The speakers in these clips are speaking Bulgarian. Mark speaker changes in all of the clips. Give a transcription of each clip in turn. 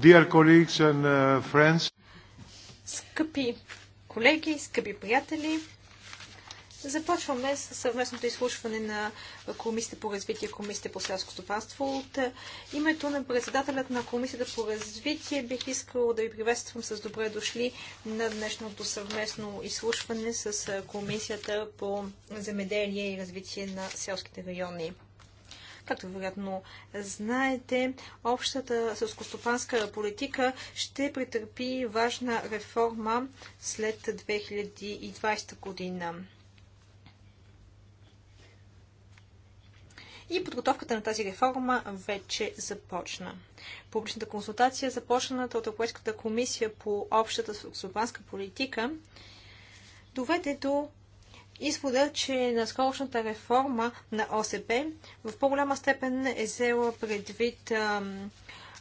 Speaker 1: Dear colleagues and uh, friends.
Speaker 2: Скъпи колеги, скъпи приятели, започваме с съвместното изслушване на Комисията по развитие и Комисията по селско стопанство. От е, името на председателят на Комисията по развитие бих искал да ви приветствам с добре дошли на днешното съвместно изслушване с е, Комисията по земеделие и развитие на селските райони. Както вероятно знаете, общата сълскостопанска политика ще претърпи важна реформа след 2020 година. и подготовката на тази реформа вече започна. Публичната консултация, започната от Европейската комисия по общата стопанска политика, доведе до изхода, че на реформа на ОСП в по-голяма степен е взела предвид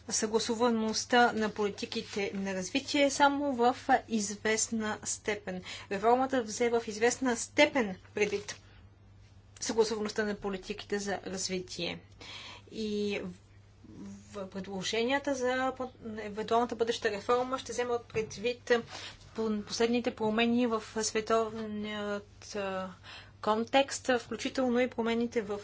Speaker 2: съгласуваността на политиките на развитие само в известна степен. Реформата взе в известна степен предвид съгласуваността на политиките за развитие. И предложенията за евентуалната бъдеща реформа ще вземат предвид последните промени в световният контекст, включително и промените в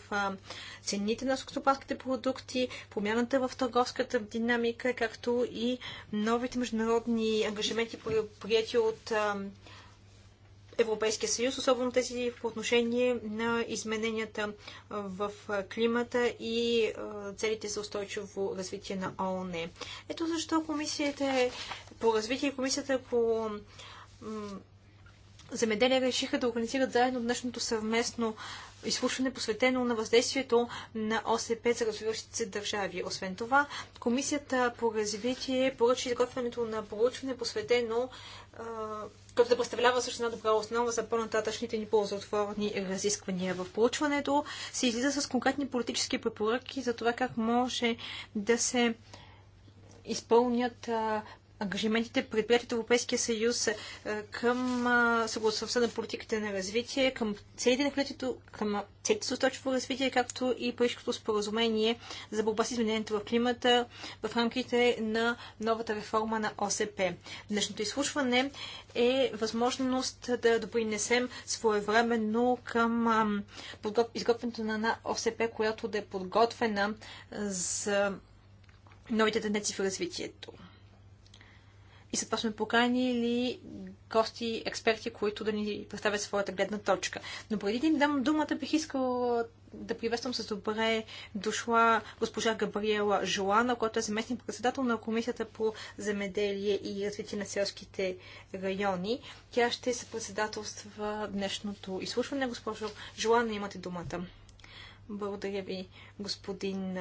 Speaker 2: цените на скотопанските продукти, промяната в търговската динамика, както и новите международни ангажименти, прияти от Европейския съюз, особено тези по отношение на измененията в климата и целите за устойчиво развитие на ООН. Ето защо комисията е, по развитие и комисията по земеделие решиха да организират заедно днешното съвместно изслушване, посветено на въздействието на ОСП за развиващите се държави. Освен това, Комисията по развитие поръча изготвянето на проучване, посветено който да представлява също една добра основа за по-нататъчните ни ползотворни разисквания. В получването, се излиза с конкретни политически препоръки за това как може да се изпълнят ангажиментите предприяти от Европейския съюз е, към съгласността на политиките на развитие, към целите на политиката, към целите за устойчиво развитие, както и Парижското споразумение за борба с изменението в климата в рамките на новата реформа на ОСП. Днешното изслушване е възможност да допринесем своевременно към изготвянето на една ОСП, която да е подготвена за новите тенденции в развитието. И след това сме поканили гости, експерти, които да ни представят своята гледна точка. Но преди да им дам думата, бих искала да приветствам с добре дошла госпожа Габриела Жолана, която е заместник председател на Комисията по земеделие и развитие на селските райони. Тя ще се председателства днешното изслушване. Госпожо Жолана, имате думата. Благодаря ви, господин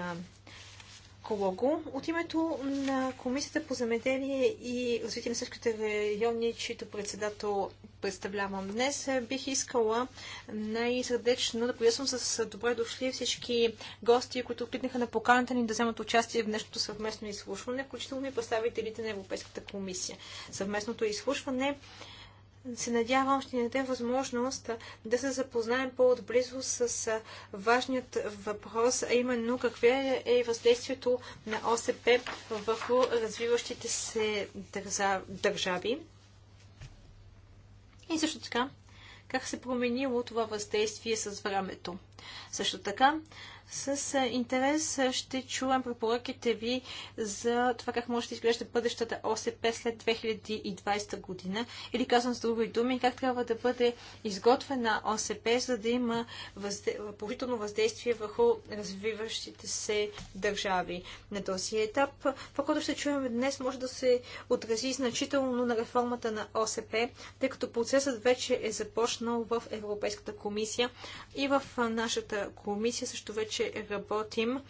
Speaker 2: Колого. От името на Комисията по земеделие и развитие на сърските райони, чието председател представлявам днес, бих искала най-сърдечно да поясвам с добре дошли всички гости, които откликнаха на поканата ни да вземат участие в днешното съвместно изслушване, включително и представителите на Европейската комисия. Съвместното изслушване се надявам ще ни даде възможност да се запознаем по-отблизо с важният въпрос, а именно какво е въздействието на ОСП върху развиващите се държави. И също така, как се променило това въздействие с времето. Също така, с интерес ще чувам препоръките ви за това как може да изглежда бъдещата ОСП след 2020 година или казвам с други думи, как трябва да бъде изготвена ОСП, за да има възде... положително въздействие върху развиващите се държави. На този етап това, което ще чуем днес, може да се отрази значително на реформата на ОСП, тъй като процесът вече е започнал в Европейската комисия и в нашата комисия също вече вече работим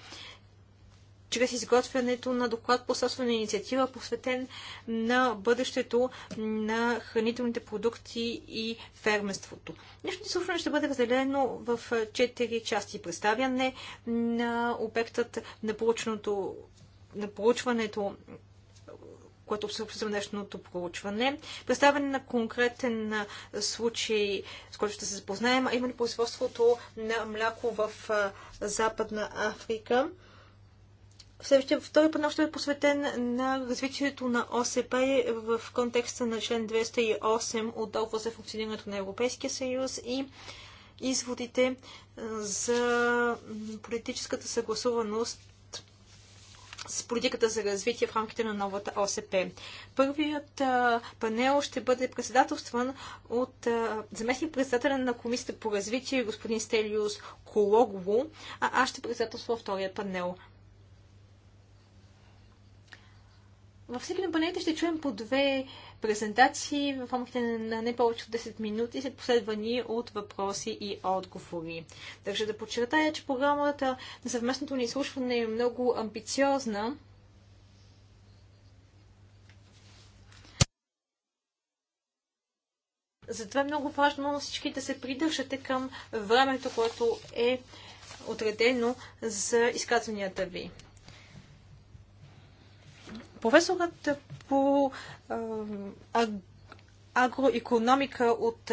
Speaker 2: чрез изготвянето на доклад по собствена инициатива, посветен на бъдещето на хранителните продукти и фермерството. Днешното слушане ще бъде разделено в четири части. Представяне на обектът на, на проучването което обсъждаме днешното проучване. Представяне на конкретен случай, с който ще се запознаем, а именно производството на мляко в Западна Африка. Следващия втори панел ще е посветен на развитието на ОСП в контекста на член 208 от договора за функционирането на Европейския съюз и изводите за политическата съгласуваност с политиката за развитие в рамките на новата ОСП. Първият а, панел ще бъде председателстван от а, заместник председателя на Комисията по развитие господин Стелиус Кологово, а аз ще председателствам втория панел. Във всеки на панелите ще чуем по две презентации в рамките на не повече от 10 минути, след последвани от въпроси и отговори. Държа да подчертая, че програмата на съвместното ни изслушване е много амбициозна. Затова е много важно всички да се придържате към времето, което е отредено за изказванията ви. Професорът по а, агроекономика от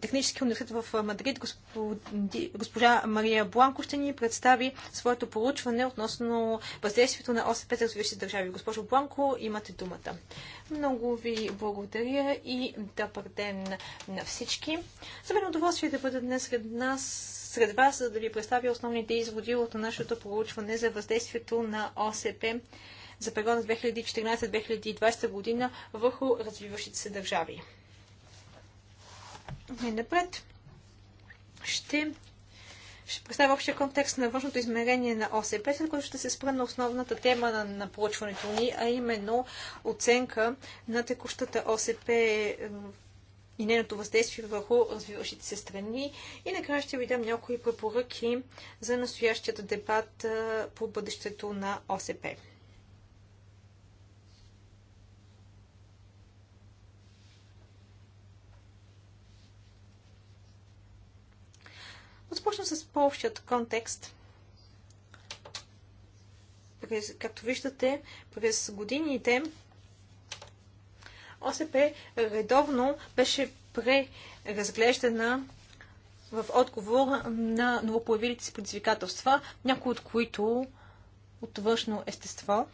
Speaker 2: Техническия университет в Мадрид, господи, госпожа Мария Бланко, ще ни представи своето проучване относно въздействието на ОСП за развиващите държави. Госпожо Бланко, имате думата. Много ви благодаря и добър ден на всички. За мен е удоволствие да бъда днес сред нас сред вас, за да ви представя основните изводи от нашето проучване за въздействието на ОСП за периода 2014-2020 година върху развиващите се държави. И напред ще ще представя общия контекст на външното измерение на ОСП, след което ще се спра на основната тема на, на проучването ни, а именно оценка на текущата ОСП и нейното въздействие върху развиващите се страни. И накрая ще ви дам някои препоръки за настоящият дебат по бъдещето на ОСП. Започвам с по-общият контекст. През, както виждате, през годините ОСП редовно беше преразглеждана в отговор на новопоявилите си предизвикателства, някои от които от външно естество.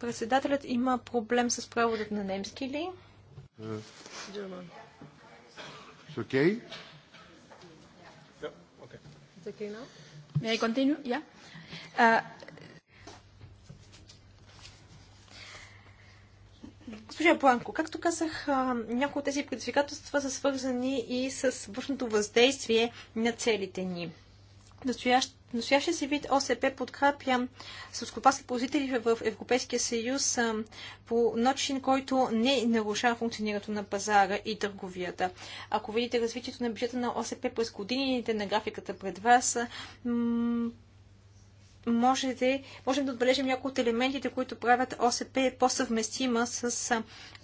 Speaker 2: Председателят има проблем с преводът на немски ли? Uh. It's okay? Yeah, okay. It's okay now? May I continue? Yeah. Uh, Госпожа Бланко, както казах, някои от тези предизвикателства са свързани и с външното въздействие на целите ни настоящ, настоящия си вид ОСП подкрепя съскопаски позители в Европейския съюз по начин, който не нарушава функционирането на пазара и търговията. Ако видите развитието на бюджета на ОСП през годините на графиката пред вас, можете, можем да отбележим някои от елементите, които правят ОСП по-съвместима с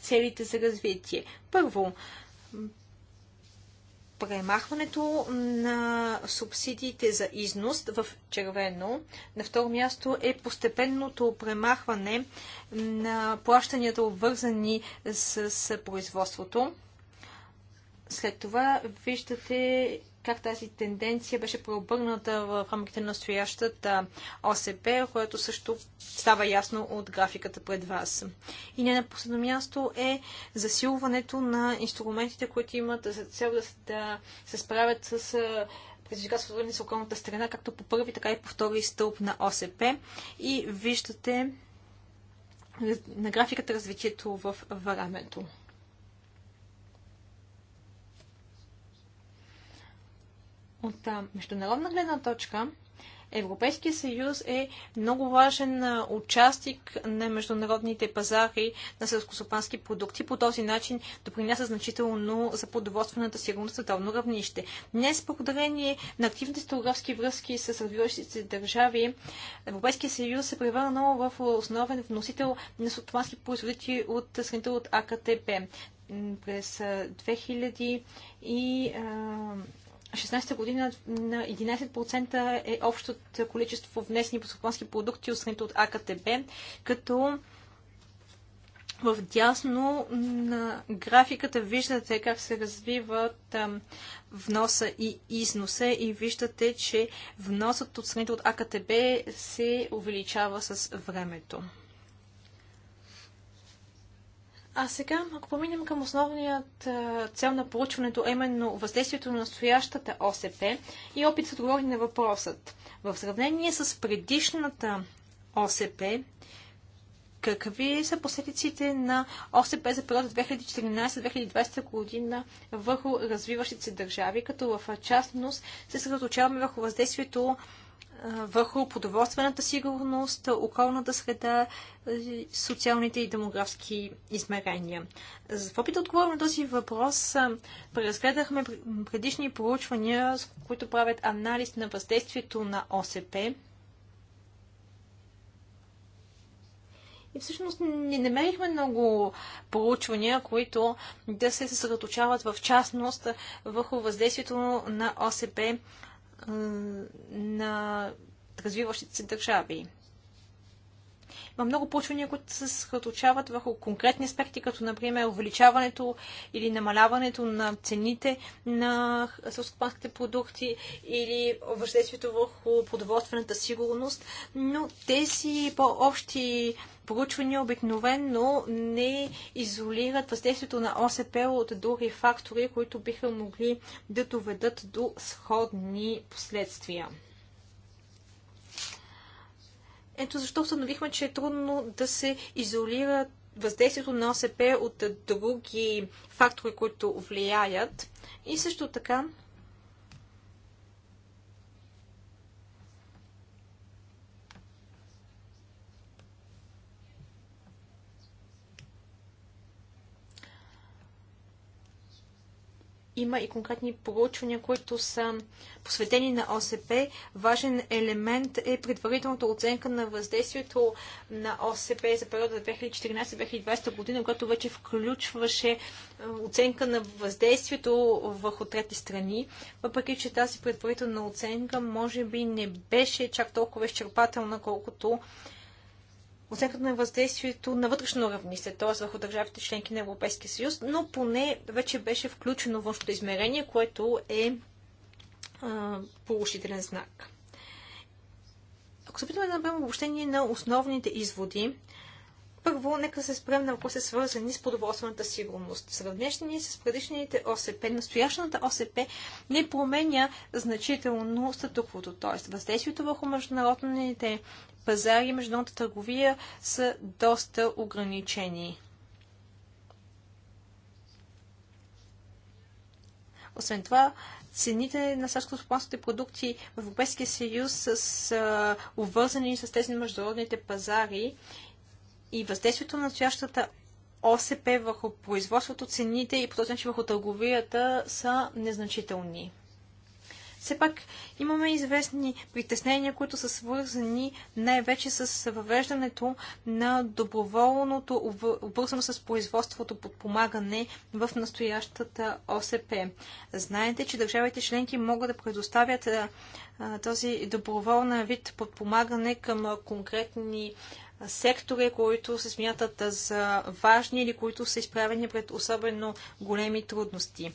Speaker 2: целите за развитие. Първо, премахването на субсидиите за износ в червено. На второ място е постепенното премахване на плащанията, обвързани с производството. След това виждате как тази тенденция беше преобърната в рамките на настоящата ОСП, което също става ясно от графиката пред вас. И не на последно място е засилването на инструментите, които имат за цел да, да се справят с предизвикателството на околната страна, както по първи, така и по втори стълб на ОСП. И виждате на графиката развитието в времето. От международна гледна точка, Европейския съюз е много важен участник на международните пазари на селскостопански продукти. По този начин допринася значително за продоволствената сигурност световно равнище. Днес, благодарение на активните стеографски връзки с развиващите държави, Европейския съюз се превърнал в основен вносител на селскостопански производители от страните от АКТП. През 2000 и 2016 година на 11% е общото количество внесени посоконски продукти от страните от АКТБ, като в дясно на графиката виждате как се развиват вноса и износа и виждате, че вносът от страните от АКТБ се увеличава с времето. А сега, ако поминем към основният цел на поручването, именно въздействието на настоящата ОСП и опит да отговори на въпросът. В сравнение с предишната ОСП, какви са последиците на ОСП за периода 2014-2020 година върху развиващите се държави, като в частност се съсредоточаваме върху въздействието върху продоволствената сигурност, околната среда, социалните и демографски измерения. За опит да отговорим на този въпрос, преразгледахме предишни проучвания, които правят анализ на въздействието на ОСП. И всъщност не намерихме много проучвания, които да се съсредоточават в частност върху въздействието на ОСП на развиващите се държави. Има много проучвания, които се съсредоточават върху конкретни аспекти, като например увеличаването или намаляването на цените на селскопанските продукти или въздействието върху продоволствената сигурност, но тези по-общи проучвания обикновено не изолират въздействието на ОСП от други фактори, които биха могли да доведат до сходни последствия. Ето защо установихме, че е трудно да се изолира въздействието на ОСП от други фактори, които влияят. И също така има и конкретни проучвания, които са посветени на ОСП. Важен елемент е предварителната оценка на въздействието на ОСП за периода 2014-2020 година, която вече включваше оценка на въздействието върху трети страни. Въпреки, че тази предварителна оценка може би не беше чак толкова изчерпателна, колкото оценката на въздействието на вътрешно равнище, т.е. върху държавите членки на Европейския съюз, но поне вече беше включено външното измерение, което е а, положителен знак. Ако се опитаме да направим обобщение на основните изводи, първо, нека се спрем на въпроси, свързани с продоволствената сигурност. Сравнение с предишните ОСП, настоящата ОСП не променя значително статуквото, т.е. въздействието върху международните Пазари и международната търговия са доста ограничени. Освен това, цените на селскостопанските продукти в Европейския съюз са обвързани с тези на международните пазари и въздействието на настоящата ОСП върху производството, цените и по този начин върху търговията са незначителни все пак имаме известни притеснения, които са свързани най-вече с въвеждането на доброволното, обвързано с производството подпомагане в настоящата ОСП. Знаете, че държавите членки могат да предоставят този доброволен вид подпомагане към конкретни сектори, които се смятат за важни или които са изправени пред особено големи трудности.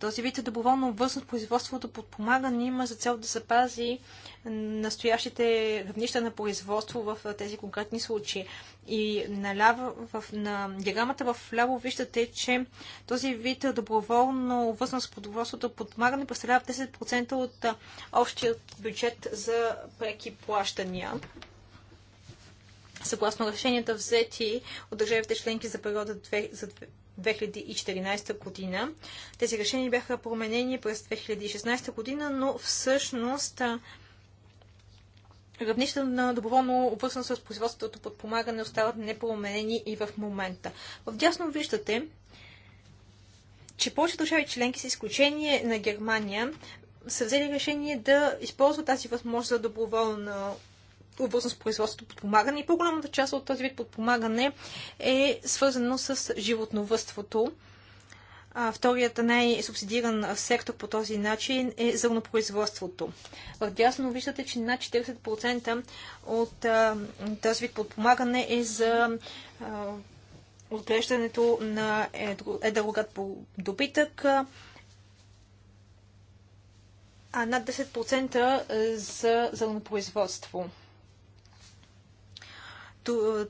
Speaker 2: Този вид е доброволно обвързан производството подпомагане има за цел да запази настоящите равнища на производство в тези конкретни случаи. И ляво, в, на диаграмата в ляво виждате, че този вид е доброволно обвързан с производството подпомагане представлява 10% от общият бюджет за преки плащания съгласно решенията взети от държавите членки за периода 2, за 2014 година. Тези решения бяха променени през 2016 година, но всъщност равнища на доброволно обвързано с производството подпомагане остават непроменени и в момента. В дясно виждате, че повече държави членки, с изключение на Германия, са взели решение да използват тази възможност за доброволно обвързан с производството подпомагане и по-голямата част от този вид подпомагане е свързано с животновътството. вторият най-субсидиран сектор по този начин е зърнопроизводството. В дясно виждате, че над 40% от този вид подпомагане е за отглеждането на едрогат по добитък, а над 10% за зърнопроизводство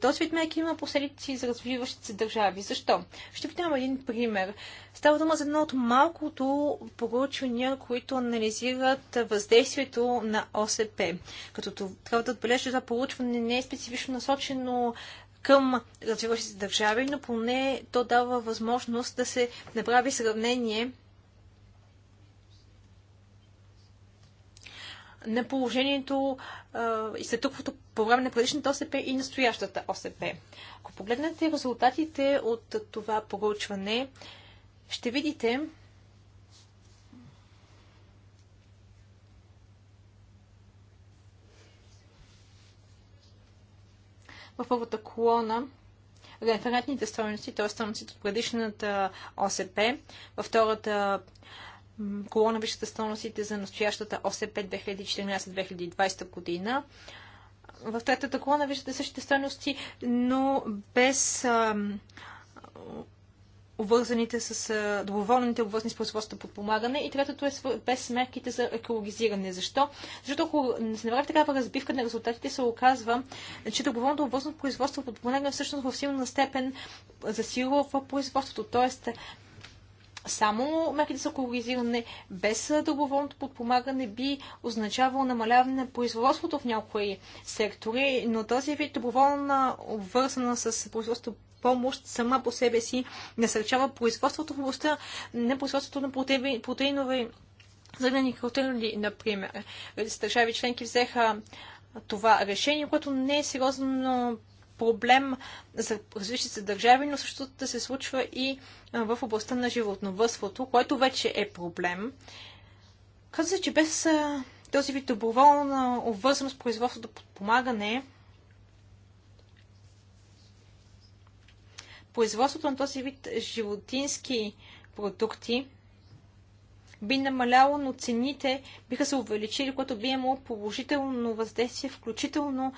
Speaker 2: този вид мерки има последици за развиващите се държави. Защо? Ще ви дам един пример. Става дума за едно от малкото проучвания, които анализират въздействието на ОСП. Като трябва да отбележа, това проучване не е специфично насочено към развиващите държави, но поне то дава възможност да се направи сравнение на положението и тук по време на предишната ОСП и настоящата ОСП. Ако погледнете резултатите от това проучване, ще видите, в първата колона референтните стоености, т.е. стоеностите от предишната ОСП, във втората колона висшата стойностите за настоящата ОСП 2014-2020 година. В третата колона виждате същите стойности, но без обвързаните с доброволните обвързани с производството подпомагане и третото е без мерките за екологизиране. Защо? Защото ако не се направи такава разбивка на резултатите, се оказва, че доброволното обвързано производство подпомагане всъщност в силна степен засилва в производството. Тоест, само мерките за колоризиране без доброволното подпомагане би означавало намаляване на производството в някои сектори, но този вид доброволна обвързана с производството помощ сама по себе си насърчава производството в областта не производството на протеинови, протеинови зърнени например. Държави членки взеха това решение, което не е сериозно проблем за различни държави, но също да се случва и в областта на животновътството, което вече е проблем. Каза се, че без този вид доброволна обвързаност производството подпомагане, производството на този вид животински продукти би намаляло, но цените биха се увеличили, което би имало положително въздействие, включително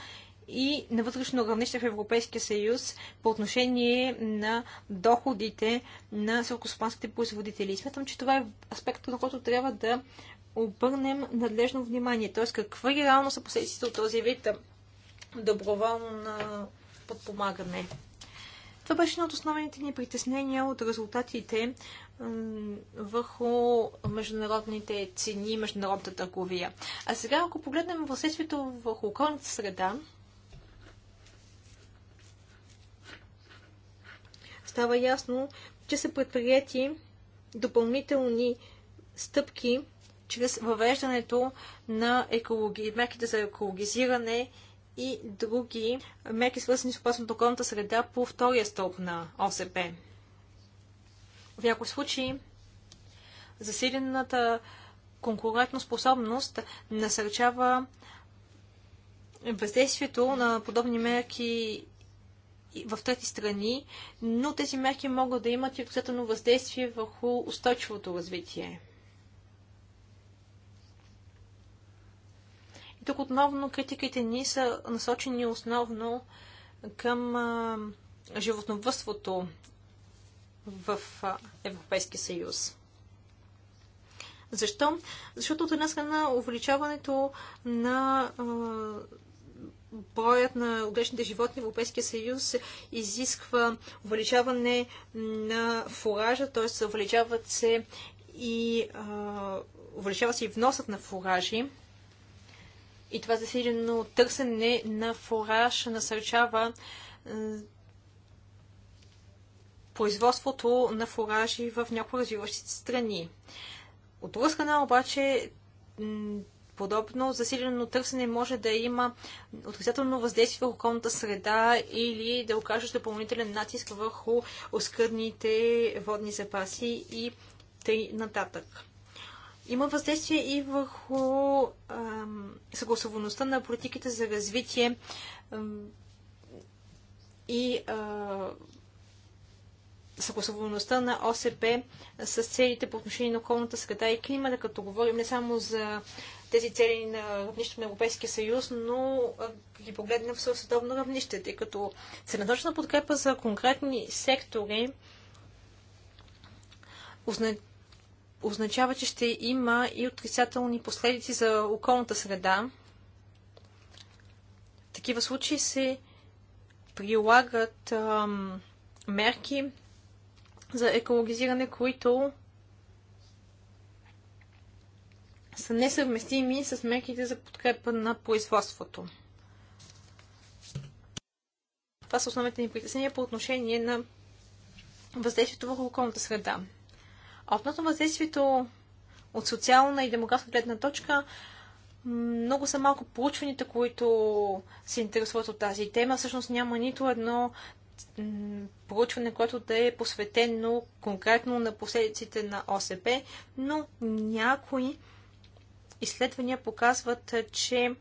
Speaker 2: и на вътрешно равнище в Европейския съюз по отношение на доходите на селкоспанските производители. И смятам, че това е аспект, на който трябва да обърнем надлежно внимание. Т.е. какви е реално са последиците от този вид доброволно на подпомагане. Това беше едно от основните ни притеснения от резултатите върху международните цени, и международната търговия. А сега, ако погледнем въздействието върху околната среда, става ясно, че са предприяти допълнителни стъпки чрез въвеждането на екологи, мерките за екологизиране и други мерки, свързани с опасната околната среда по втория стълб на ОСП. В някои случаи засилената конкурентна способност насърчава въздействието на подобни мерки в трети страни, но тези мерки могат да имат и отрицателно въздействие върху устойчивото развитие. И тук отново критиките ни са насочени основно към животновътството в Европейския съюз. Защо? Защото от една страна увеличаването на а, броят на огречните животни в Европейския съюз изисква увеличаване на фуража, т.е. увеличават се и а, увеличава се и вносът на фуражи. И това засилено търсене на фураж насърчава производството на фуражи в някои развиващи страни. От друга страна обаче Подобно засилено търсене може да има отрицателно въздействие върху околната среда или да окаже допълнителен натиск върху оскъдните водни запаси и тъй нататък. Има въздействие и върху а, съгласоваността на политиките за развитие и съгласоваността съгласуваността на ОСП с целите по отношение на околната среда и климата, като говорим не само за тези цели на равнището на Европейския съюз, но ги погледнем в световно равнище, тъй като целенасочена подкрепа за конкретни сектори означава, че ще има и отрицателни последици за околната среда. В такива случаи се прилагат ам, мерки за екологизиране, които са несъвместими с мерките за подкрепа на производството. Това са основните ни притеснения по отношение на въздействието върху околната среда. А относно въздействието от социална и демографска гледна точка, много са малко проучваните, които се интересуват от тази тема. Всъщност няма нито едно проучване, което да е посветено конкретно на последиците на ОСП, но някои изследвания показват, че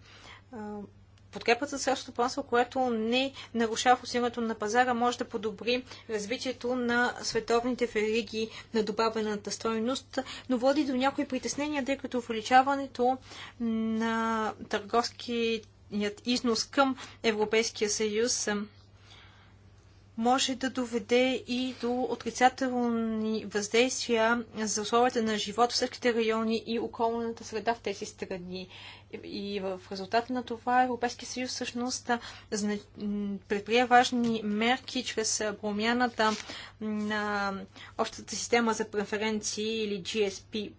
Speaker 2: подкрепата за селското стопанство, което не нарушава усилието на пазара, може да подобри развитието на световните фериги на добавената стойност, но води до някои притеснения, тъй като увеличаването на търговският износ към Европейския съюз може да доведе и до отрицателни въздействия за условията на живот в всичките райони и околната среда в тези страни. И в резултат на това Европейския съюз всъщност предприе важни мерки чрез промяната на общата система за преференции или GSP+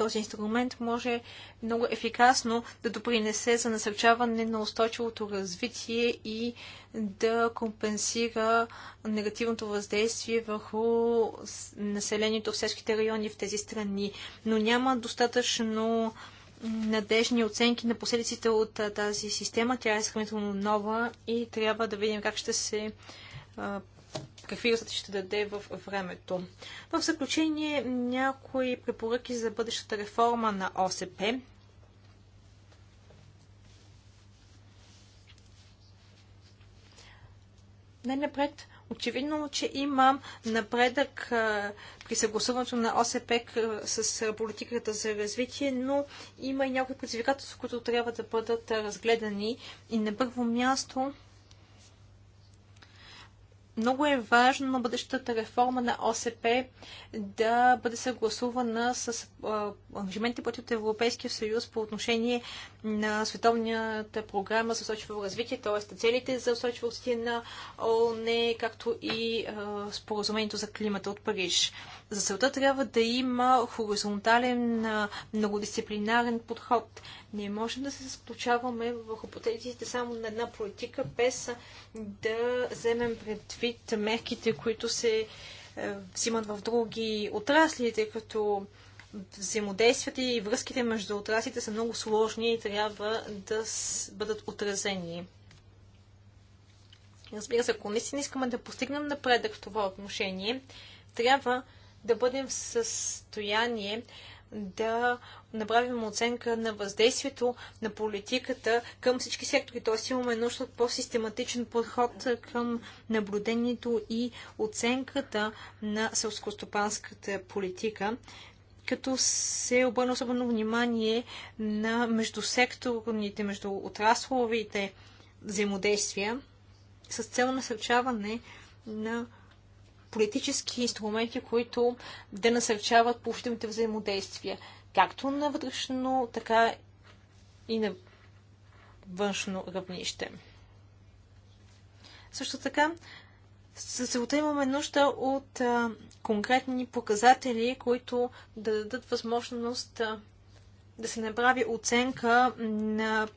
Speaker 2: този инструмент може много ефикасно да допринесе за насърчаване на устойчивото развитие и да компенсира негативното въздействие върху населението в селските райони в тези страни. Но няма достатъчно надежни оценки на последиците от тази система. Тя е сравнително нова и трябва да видим как ще се какви резултати ще даде в времето. В заключение някои препоръки за бъдещата реформа на ОСП. Най-напред, очевидно, че има напредък при съгласуването на ОСП с политиката за развитие, но има и някои предизвикателства, които трябва да бъдат разгледани. И на първо място много е важно на бъдещата реформа на ОСП да бъде съгласувана с ангажиментите пъти от Европейския съюз по отношение на световната програма за устойчиво развитие, т.е. целите за устойчиво развитие на ООН, както и а, споразумението за климата от Париж. За целта трябва да има хоризонтален, многодисциплинарен подход. Не можем да се заключаваме в хипотезите само на една политика, без да вземем предвид мерките, които се е, взимат в други отрасли, тъй като взаимодействията и връзките между отраслите са много сложни и трябва да бъдат отразени. Разбира се, ако наистина искаме да постигнем напредък в това отношение, трябва да бъдем в състояние да направим оценка на въздействието на политиката към всички сектори. Тоест имаме нужда от по-систематичен подход към наблюдението и оценката на селскостопанската политика, като се обърна особено внимание на междусекторните, междуотрасловите взаимодействия с цел насърчаване на политически инструменти, които да насърчават положителните взаимодействия, както на вътрешно, така и на външно равнище. Също така, за целта имаме нужда от а, конкретни показатели, които да дадат възможност а, да се направи оценка на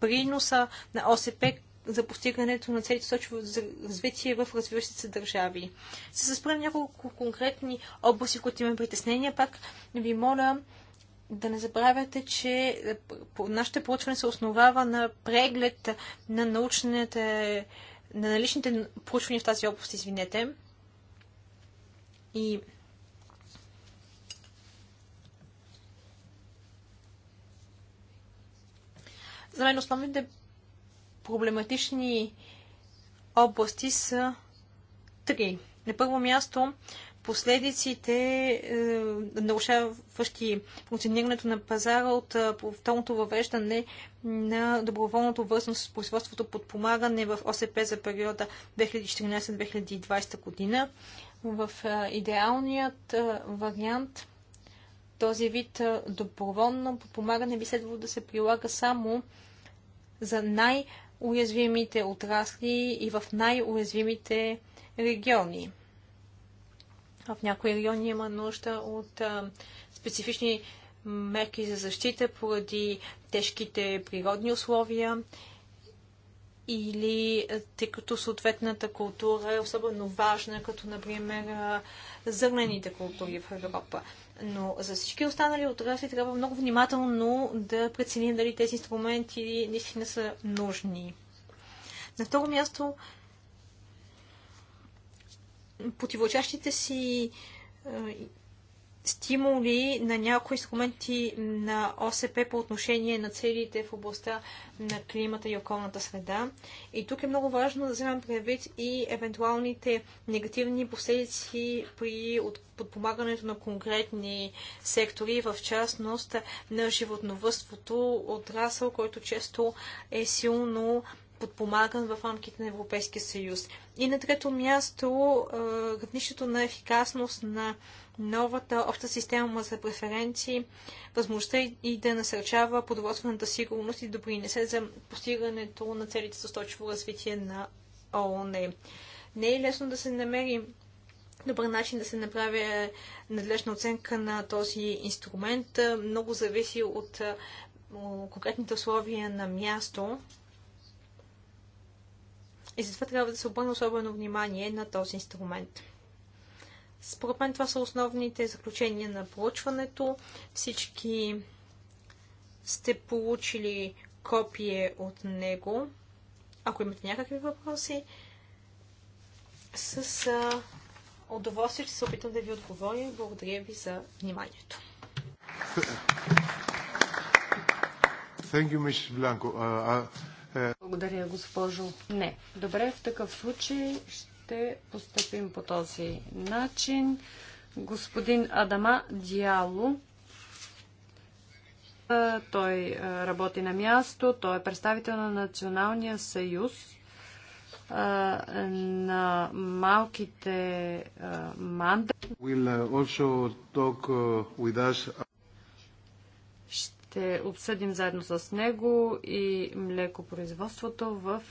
Speaker 2: приноса на ОСП за постигането на целите сочово за развитие в развиващите се държави. Се съспрем няколко конкретни области, които имаме притеснения. Пак ви моля да не забравяте, че е, нашите проучване се основава на преглед на научните на наличните проучвания в тази област, извинете. И За мен основните проблематични области са три. На първо място последиците, е, нарушаващи функционирането на пазара от е, повторното въвеждане на доброволното вързано с производството подпомагане в ОСП за периода 2014-2020 година. В е, идеалният е, вариант този вид доброволно подпомагане би следвало да се прилага само за най- уязвимите отрасли и в най-уязвимите региони. В някои региони има нужда от а, специфични мерки за защита поради тежките природни условия или тъй като съответната култура е особено важна, като например зърнените култури в Европа. Но за всички останали отрасли трябва много внимателно да преценим дали тези инструменти наистина са нужни. На второ място, противочащите си е, стимули на някои инструменти на ОСП по отношение на целите в областта на климата и околната среда. И тук е много важно да вземем предвид и евентуалните негативни последици при подпомагането на конкретни сектори, в частност на животновътството, отрасъл, който често е силно подпомаган в рамките на Европейския съюз. И на трето място, равнището на ефикасност на новата обща система за преференции, възможността и да насърчава подводствената сигурност и да принесе за постигането на целите за устойчиво развитие на ООН. Не е лесно да се намери добър начин да се направи е, надлежна оценка на този инструмент. Много зависи от е, конкретните условия на място. И затова трябва да се обърне особено внимание на този инструмент. Според мен това са основните заключения на проучването. Всички сте получили копие от него. Ако имате някакви въпроси, с удоволствие ще се опитам да ви отговоря. Благодаря ви за вниманието. Е.
Speaker 3: Благодаря, госпожо. Не. Добре, в такъв случай ще ще поступим по този начин. Господин Адама Дяло, той работи на място, той е представител на Националния съюз на малките манда. Ще обсъдим заедно с него и млекопроизводството в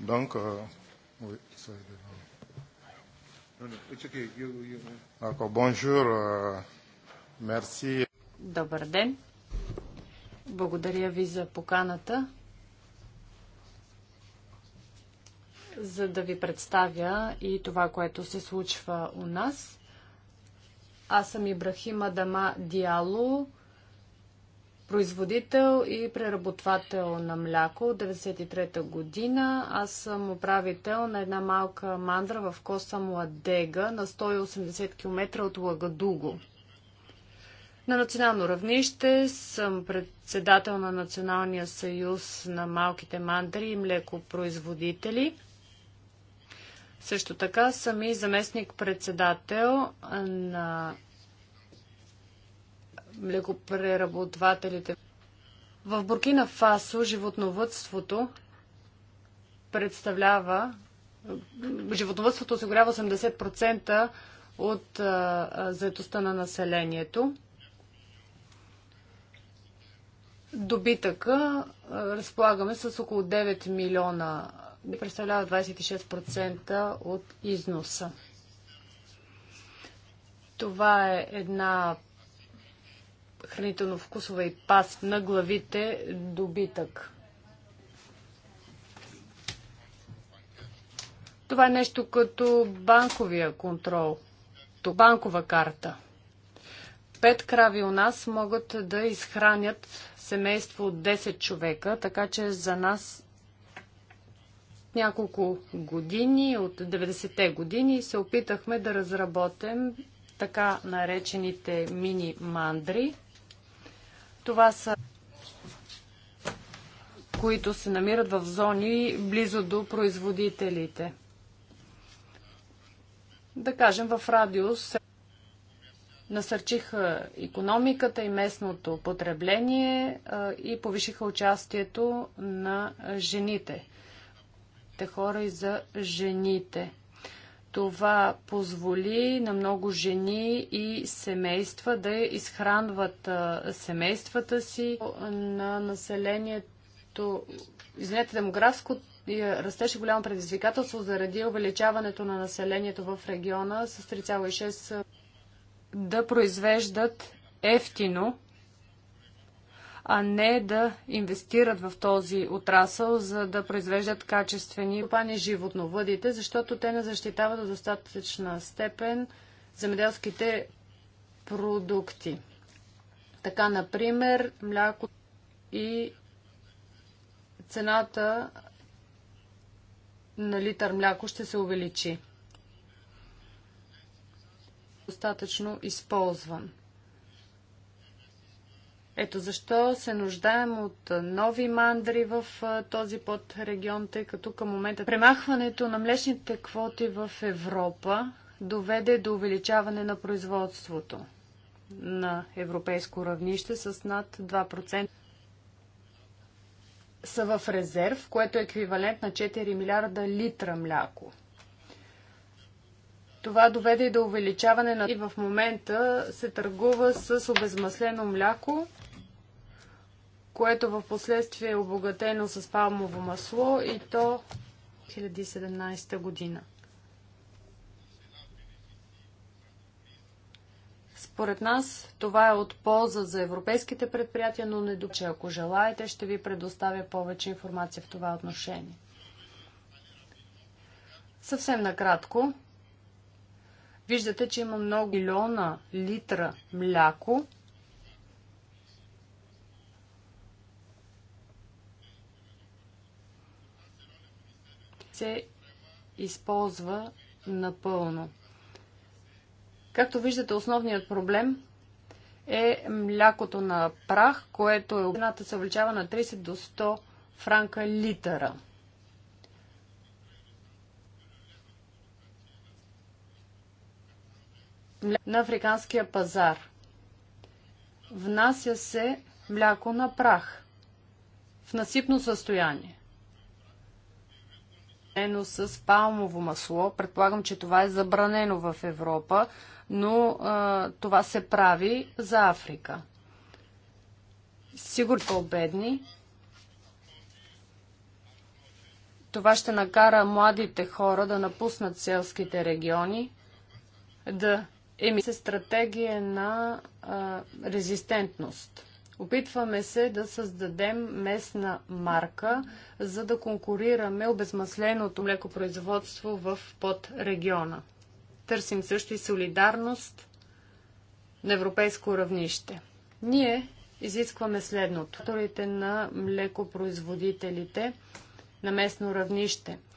Speaker 2: Donc, euh, oui, c'est
Speaker 1: Ако, бонжур, мерси.
Speaker 3: Добър ден. Благодаря ви за поканата. За да ви представя и това, което се случва у нас. Аз съм Ибрахима Дама Диало производител и преработвател на мляко от 1993 година. Аз съм управител на една малка мандра в Коса Младега на 180 км от Лагадуго. На национално равнище съм председател на Националния съюз на малките мандри и млекопроизводители. Също така съм и заместник-председател на млекопреработвателите. В Буркина Фасо животновътството представлява животновътството осигурява 80% от заетостта на населението. Добитъка разполагаме с около 9 милиона, представлява 26% от износа. Това е една хранително-вкусова и паст на главите добитък. Това е нещо като банковия контрол, то банкова карта. Пет крави у нас могат да изхранят семейство от 10 човека, така че за нас няколко години, от 90-те години, се опитахме да разработим така наречените мини мандри – това са които се намират в зони близо до производителите. Да кажем, в радиус насърчиха економиката и местното потребление и повишиха участието на жените. Те хора и за жените. Това позволи на много жени и семейства да изхранват семействата си на населението. Извинете, демографско растеше голямо предизвикателство заради увеличаването на населението в региона с 3,6 да произвеждат ефтино а не да инвестират в този отрасъл, за да произвеждат качествени пани животновъдите, защото те не защитават до достатъчна степен земеделските продукти. Така, например, мляко и цената на литър мляко ще се увеличи. Достатъчно използван. Ето защо се нуждаем от нови мандри в този подрегион, тъй като към момента премахването на млечните квоти в Европа доведе до увеличаване на производството на европейско равнище с над 2%. Са в резерв, което е еквивалент на 4 милиарда литра мляко. Това доведе и до увеличаване на... И в момента се търгува с обезмаслено мляко, което в последствие е обогатено с палмово масло и то 2017 година. Според нас това е от полза за европейските предприятия, но не че ако желаете, ще ви предоставя повече информация в това отношение. Съвсем накратко, Виждате, че има много милиона литра мляко. Се използва напълно. Както виждате, основният проблем е млякото на прах, което е цената се увеличава на 30 до 100 франка литъра. на африканския пазар. Внася се мляко на прах в насипно състояние. Ено с палмово масло. Предполагам, че това е забранено в Европа, но а, това се прави за Африка. Сигурно по-бедни. Това ще накара младите хора да напуснат селските региони, да Еми, се стратегия на а, резистентност. Опитваме се да създадем местна марка, за да конкурираме обезмасленото млекопроизводство в подрегиона. Търсим също и солидарност на европейско равнище. Ние изискваме следното. Авторите на млекопроизводителите на местно равнище –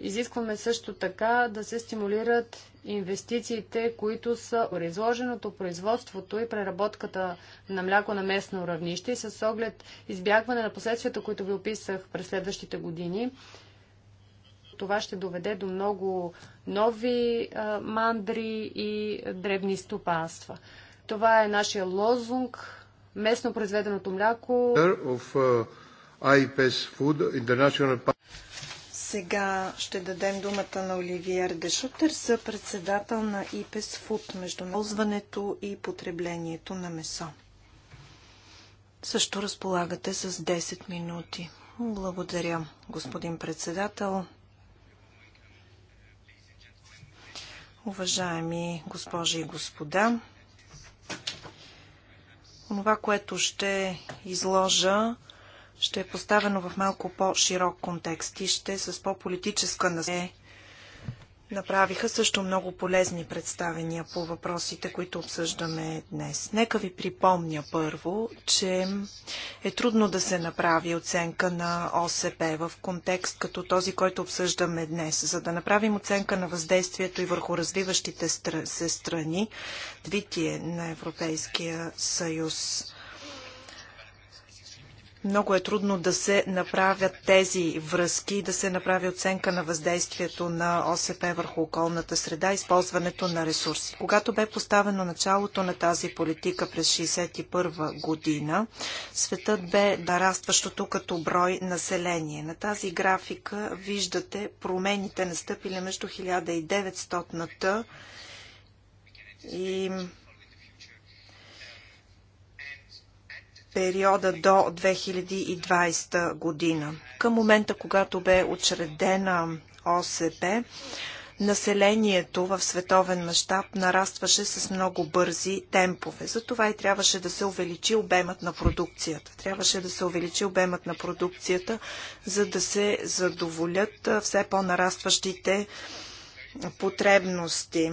Speaker 3: Изискваме също така да се стимулират инвестициите, които са изложеното производството и преработката на мляко на местно равнище и с оглед избягване на последствията, които ви описах през следващите години. Това ще доведе до много нови мандри и дребни стопанства. Това е нашия лозунг местно произведеното мляко.
Speaker 1: Сега ще дадем думата на Оливия Дешутер за председател на ИПЕС Фуд между ползването и потреблението на месо. Също разполагате с 10 минути. Благодаря, господин председател. Уважаеми госпожи и господа, това, което ще изложа, ще е поставено в малко по-широк контекст и ще с по-политическа насе направиха също много полезни представения по въпросите, които обсъждаме днес. Нека ви припомня първо, че е трудно да се направи оценка на ОСП в контекст като този, който обсъждаме днес. За да направим оценка на въздействието и върху развиващите се страни, двитие на Европейския съюз – много е трудно да се направят тези връзки, да се направи оценка на въздействието на ОСП върху околната среда, използването на ресурси. Когато бе поставено началото на тази политика през 1961 година, светът бе нарастващото като брой население. На тази графика виждате промените настъпили между 1900-та и периода до 2020 година. Към момента, когато бе учредена ОСП, населението в световен мащаб нарастваше с много бързи темпове. Затова и трябваше да се увеличи обемът на продукцията. Трябваше да се увеличи обемът на продукцията, за да се задоволят все по-нарастващите потребности.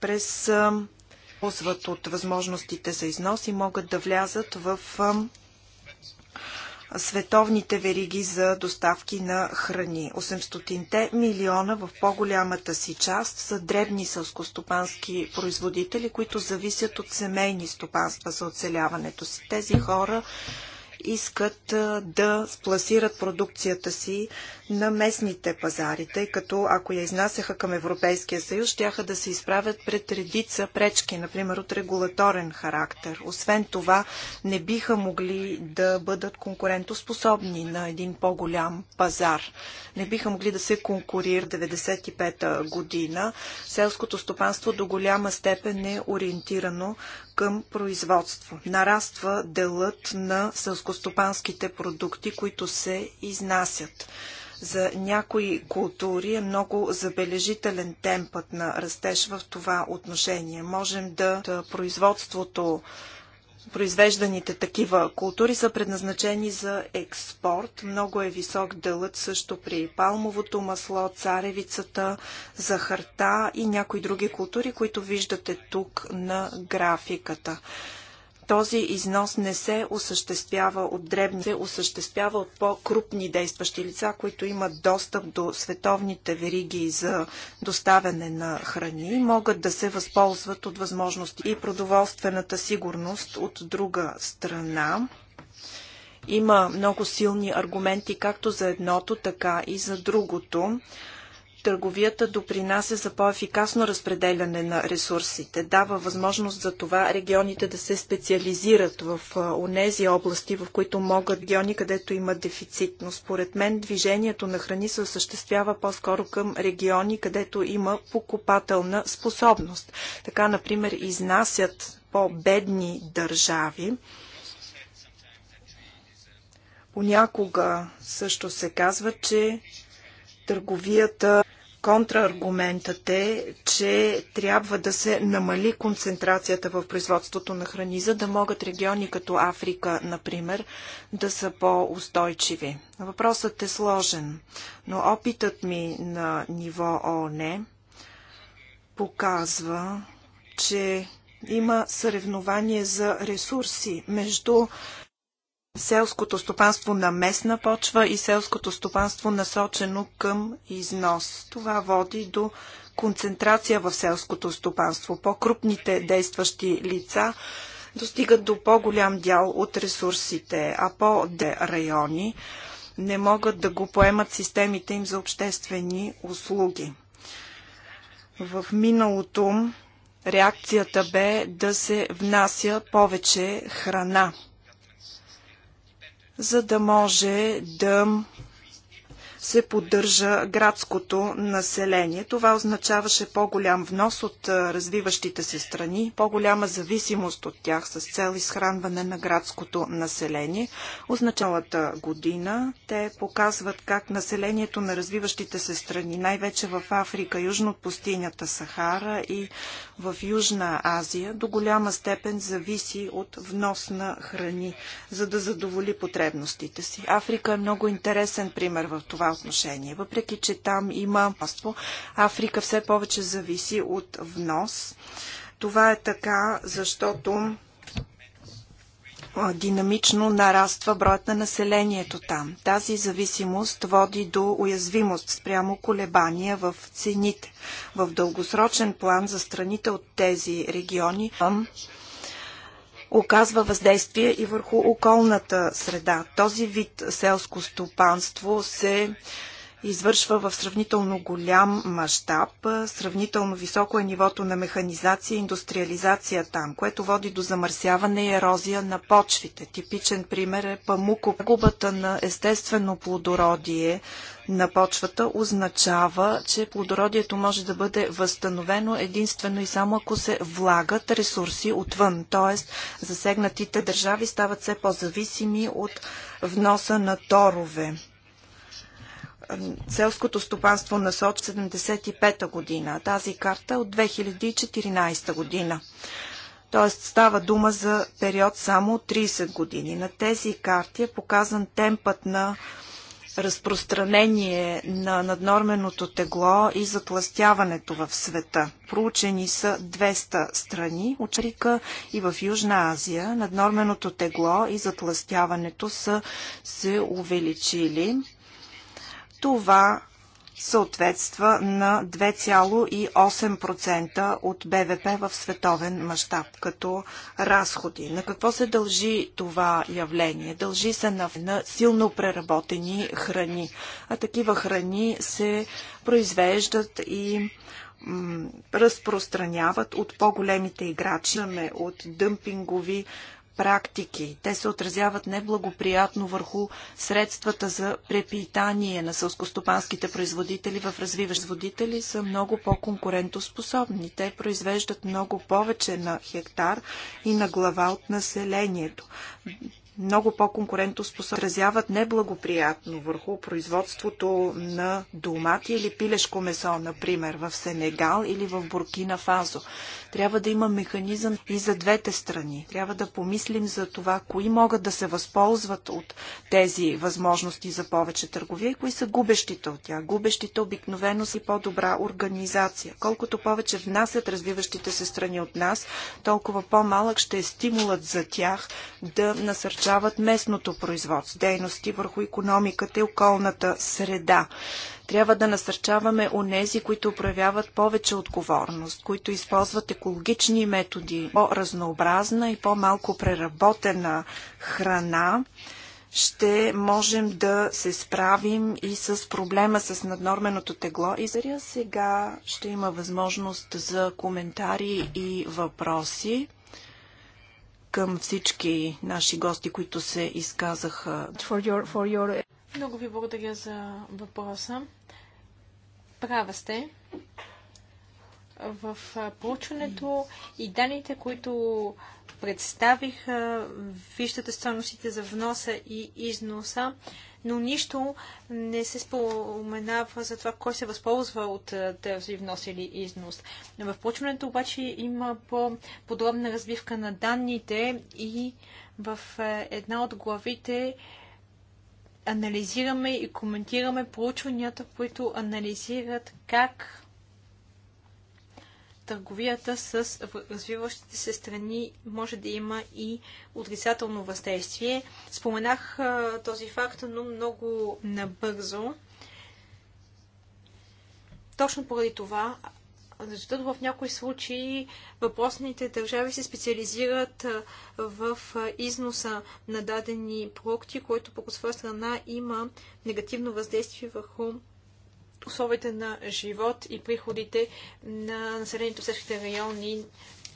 Speaker 1: През ползват от възможностите за износ и могат да влязат в световните вериги за доставки на храни. 800-те милиона в по-голямата си част са дребни сълскостопански производители, които зависят от семейни стопанства за оцеляването си. Тези хора искат да спласират продукцията си на местните пазари, тъй като ако я изнасяха към Европейския съюз, щяха да се изправят пред редица пречки, например от регулаторен характер. Освен това, не биха могли да бъдат конкурентоспособни на един по-голям пазар. Не биха могли да се конкурир 95-та година. Селското стопанство до голяма степен е ориентирано към производство. Нараства делът на сълскостопанските продукти, които се изнасят. За някои култури е много забележителен темпът на растеж в това отношение. Можем да, да производството произвежданите такива култури са предназначени за експорт. Много е висок делът също при палмовото масло, царевицата, захарта и някои други култури, които виждате тук на графиката този износ не се осъществява от дребни, се осъществява от по-крупни действащи лица, които имат достъп до световните вериги за доставяне на храни и могат да се възползват от възможности и продоволствената сигурност от друга страна. Има много силни аргументи както за едното, така и за другото. Търговията допринася за по-ефикасно разпределяне на ресурсите, дава възможност за това регионите да се специализират в онези области, в които могат региони, където има дефицит. Но според мен движението на храни се осъществява по-скоро към региони, където има покупателна способност. Така, например, изнасят по-бедни държави. Понякога също се казва, че търговията. Контрааргументът е, че трябва да се намали концентрацията в производството на храни, за да могат региони като Африка, например, да са по-устойчиви. Въпросът е сложен, но опитът ми на ниво ООН показва, че има съревнование за ресурси между селското стопанство на местна почва и селското стопанство насочено към износ. Това води до концентрация в селското стопанство. По-крупните действащи лица достигат до по-голям дял от ресурсите, а по-де райони не могат да го поемат системите им за обществени услуги. В миналото реакцията бе да се внася повече храна за да може да се поддържа градското население. Това означаваше по-голям внос от развиващите се страни, по-голяма зависимост от тях с цел изхранване на градското население. Означалата година те показват как населението на развиващите се страни, най-вече в Африка, южно от пустинята Сахара и в Южна Азия, до голяма степен зависи от внос на храни, за да задоволи потребностите си. Африка е много интересен пример в това отношение. Въпреки, че там има паство, Африка все повече зависи от внос. Това е така, защото динамично нараства броят на населението там. Тази зависимост води до уязвимост спрямо колебания в цените. В дългосрочен план за страните от тези региони оказва въздействие и върху околната среда. Този вид селско стопанство се извършва в сравнително голям мащаб. Сравнително високо е нивото на механизация и индустриализация там, което води до замърсяване и ерозия на почвите. Типичен пример е памуко. Губата на естествено плодородие на почвата означава, че плодородието може да бъде възстановено единствено и само ако се влагат ресурси отвън. Тоест, засегнатите държави стават все по-зависими от вноса на торове селското стопанство на СОЧ 75-та година. Тази карта е от 2014 година. Тоест става дума за период само 30 години. На тези карти е показан темпът на разпространение на наднорменото тегло и затластяването в света. Проучени са 200 страни, Очерика и в Южна Азия. Наднорменото тегло и затластяването са се увеличили. Това съответства на 2,8% от БВП в световен мащаб като разходи. На какво се дължи това явление? Дължи се на, на силно преработени храни. А такива храни се произвеждат и разпространяват от по-големите играчи, от дъмпингови практики. Те се отразяват неблагоприятно върху средствата за препитание на сълскостопанските производители в развиващи водители са много по-конкурентоспособни. Те произвеждат много повече на хектар и на глава от населението много по-конкурентоспособни отразяват неблагоприятно върху производството на домати или пилешко месо, например, в Сенегал или в Буркина Фазо. Трябва да има механизъм и за двете страни. Трябва да помислим за това, кои могат да се възползват от тези възможности за повече търговия и кои са губещите от тях. Губещите обикновено си по-добра организация. Колкото повече внасят развиващите се страни от нас, толкова по-малък ще е стимулът за тях да насърчат продължават местното производство, дейности върху економиката и околната среда. Трябва да насърчаваме онези, които проявяват повече отговорност, които използват екологични методи, по-разнообразна и по-малко преработена храна ще можем да се справим и с проблема с наднорменото тегло. И заря сега ще има възможност за коментари и въпроси към всички наши гости, които се изказаха. For your, for your...
Speaker 2: Много ви благодаря за въпроса. Права сте. В проучването и данните, които представиха, виждате стоеностите за вноса и износа, но нищо не се споменава за това кой се възползва от този внос или износ. В почването обаче има по-подробна разбивка на данните и в една от главите анализираме и коментираме проучванията, които анализират как търговията с развиващите се страни може да има и отрицателно въздействие. Споменах този факт, но много набързо. Точно поради това, защото в някои случаи въпросните държави се специализират в износа на дадени продукти, който по своя страна има негативно въздействие върху условията на живот и приходите на населението в същите райони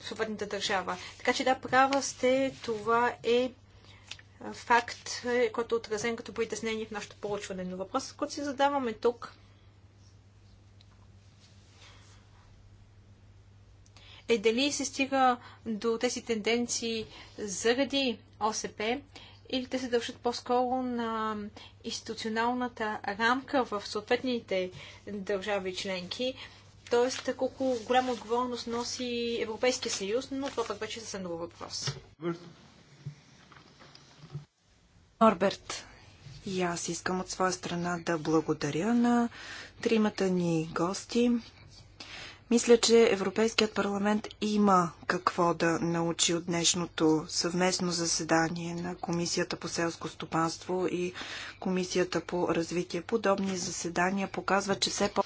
Speaker 2: в съответната държава. Така че да, права сте, това е факт, е, който е отразен като притеснение в нашето проучване. Но въпросът, който си задаваме тук, е дали се стига до тези тенденции заради ОСП или те се дължат по-скоро на институционалната рамка в съответните държави членки, Тоест, колко голяма отговорност носи Европейския съюз, но това пък вече е съвсем друг въпрос.
Speaker 1: Норберт, и аз искам от своя страна да благодаря на тримата ни гости. Мисля, че Европейският парламент има какво да научи от днешното съвместно заседание на Комисията по селско стопанство и Комисията по развитие. Подобни заседания показват, че все по-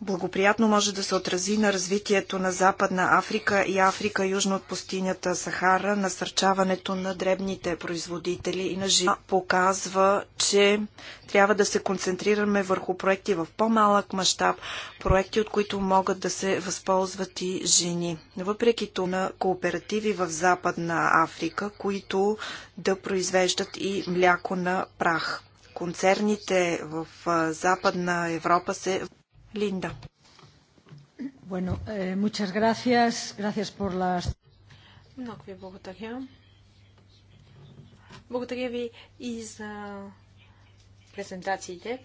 Speaker 1: благоприятно може да се отрази на развитието на Западна Африка и Африка южно от пустинята Сахара, насърчаването на дребните производители и на жива показва, че трябва да се концентрираме върху проекти в по-малък мащаб, проекти, от които могат да се възползват и жени. Въпреки то на кооперативи в Западна Африка, които да произвеждат и мляко на прах. Концерните в Западна Европа се
Speaker 2: Bueno, eh, muchas gracias. Gracias por las... Много ви благодаря. Благодаря ви и за презентациите.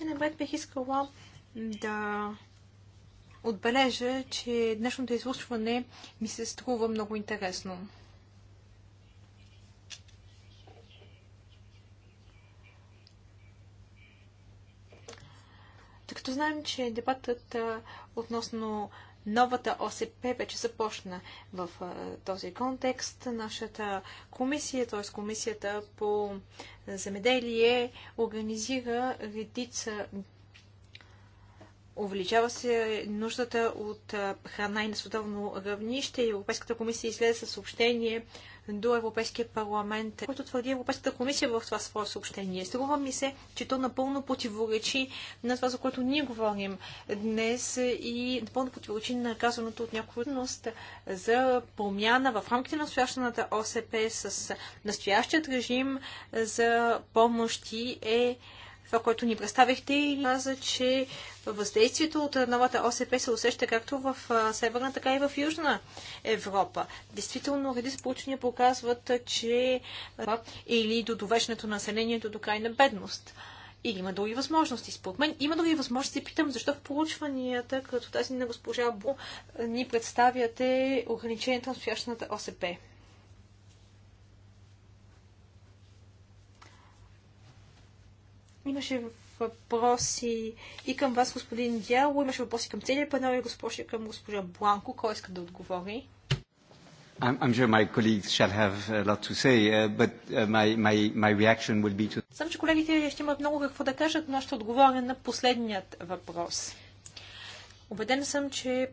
Speaker 2: И напред бих искала да отбележа, че днешното изслушване ми се струва много интересно. Тъй като знаем, че дебатът относно новата ОСП вече започна в този контекст. Нашата комисия, т.е. комисията по земеделие, организира редица Увеличава се нуждата от храна и на световно равнище. Европейската комисия излезе със съобщение до Европейския парламент, който твърди Европейската комисия в това свое съобщение. Струва ми се, че то напълно противоречи на това, за което ние говорим днес и напълно противоречи на казаното от някои за промяна в рамките на настоящата ОСП с настоящият режим за помощи е това, което ни представихте и каза, че въздействието от новата ОСП се усеща както в Северна, така и в Южна Европа. Действително, ради получения показват, че или до довеждането на населението до крайна бедност. Или има други възможности. Според мен има други възможности. Питам, защо в получванията, като тази на госпожа Бо, ни представяте ограничението на настоящата ОСП? Имаше въпроси и към вас, господин Дяло, имаше въпроси към целия панел и госпожа, към госпожа Бланко. Кой иска да отговори?
Speaker 4: I'm, I'm sure my colleagues shall have a lot to say, uh, but uh, my, my, my reaction will be to...
Speaker 2: Знам, че колегите ще имат много какво да кажат, но ще отговоря на последният въпрос. Обеден съм, че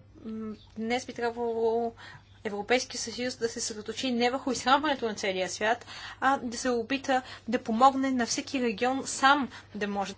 Speaker 2: днес би трябвало Европейския съюз да се съсредоточи не върху изхранването на целия свят, а да се опита да помогне на всеки регион сам да може.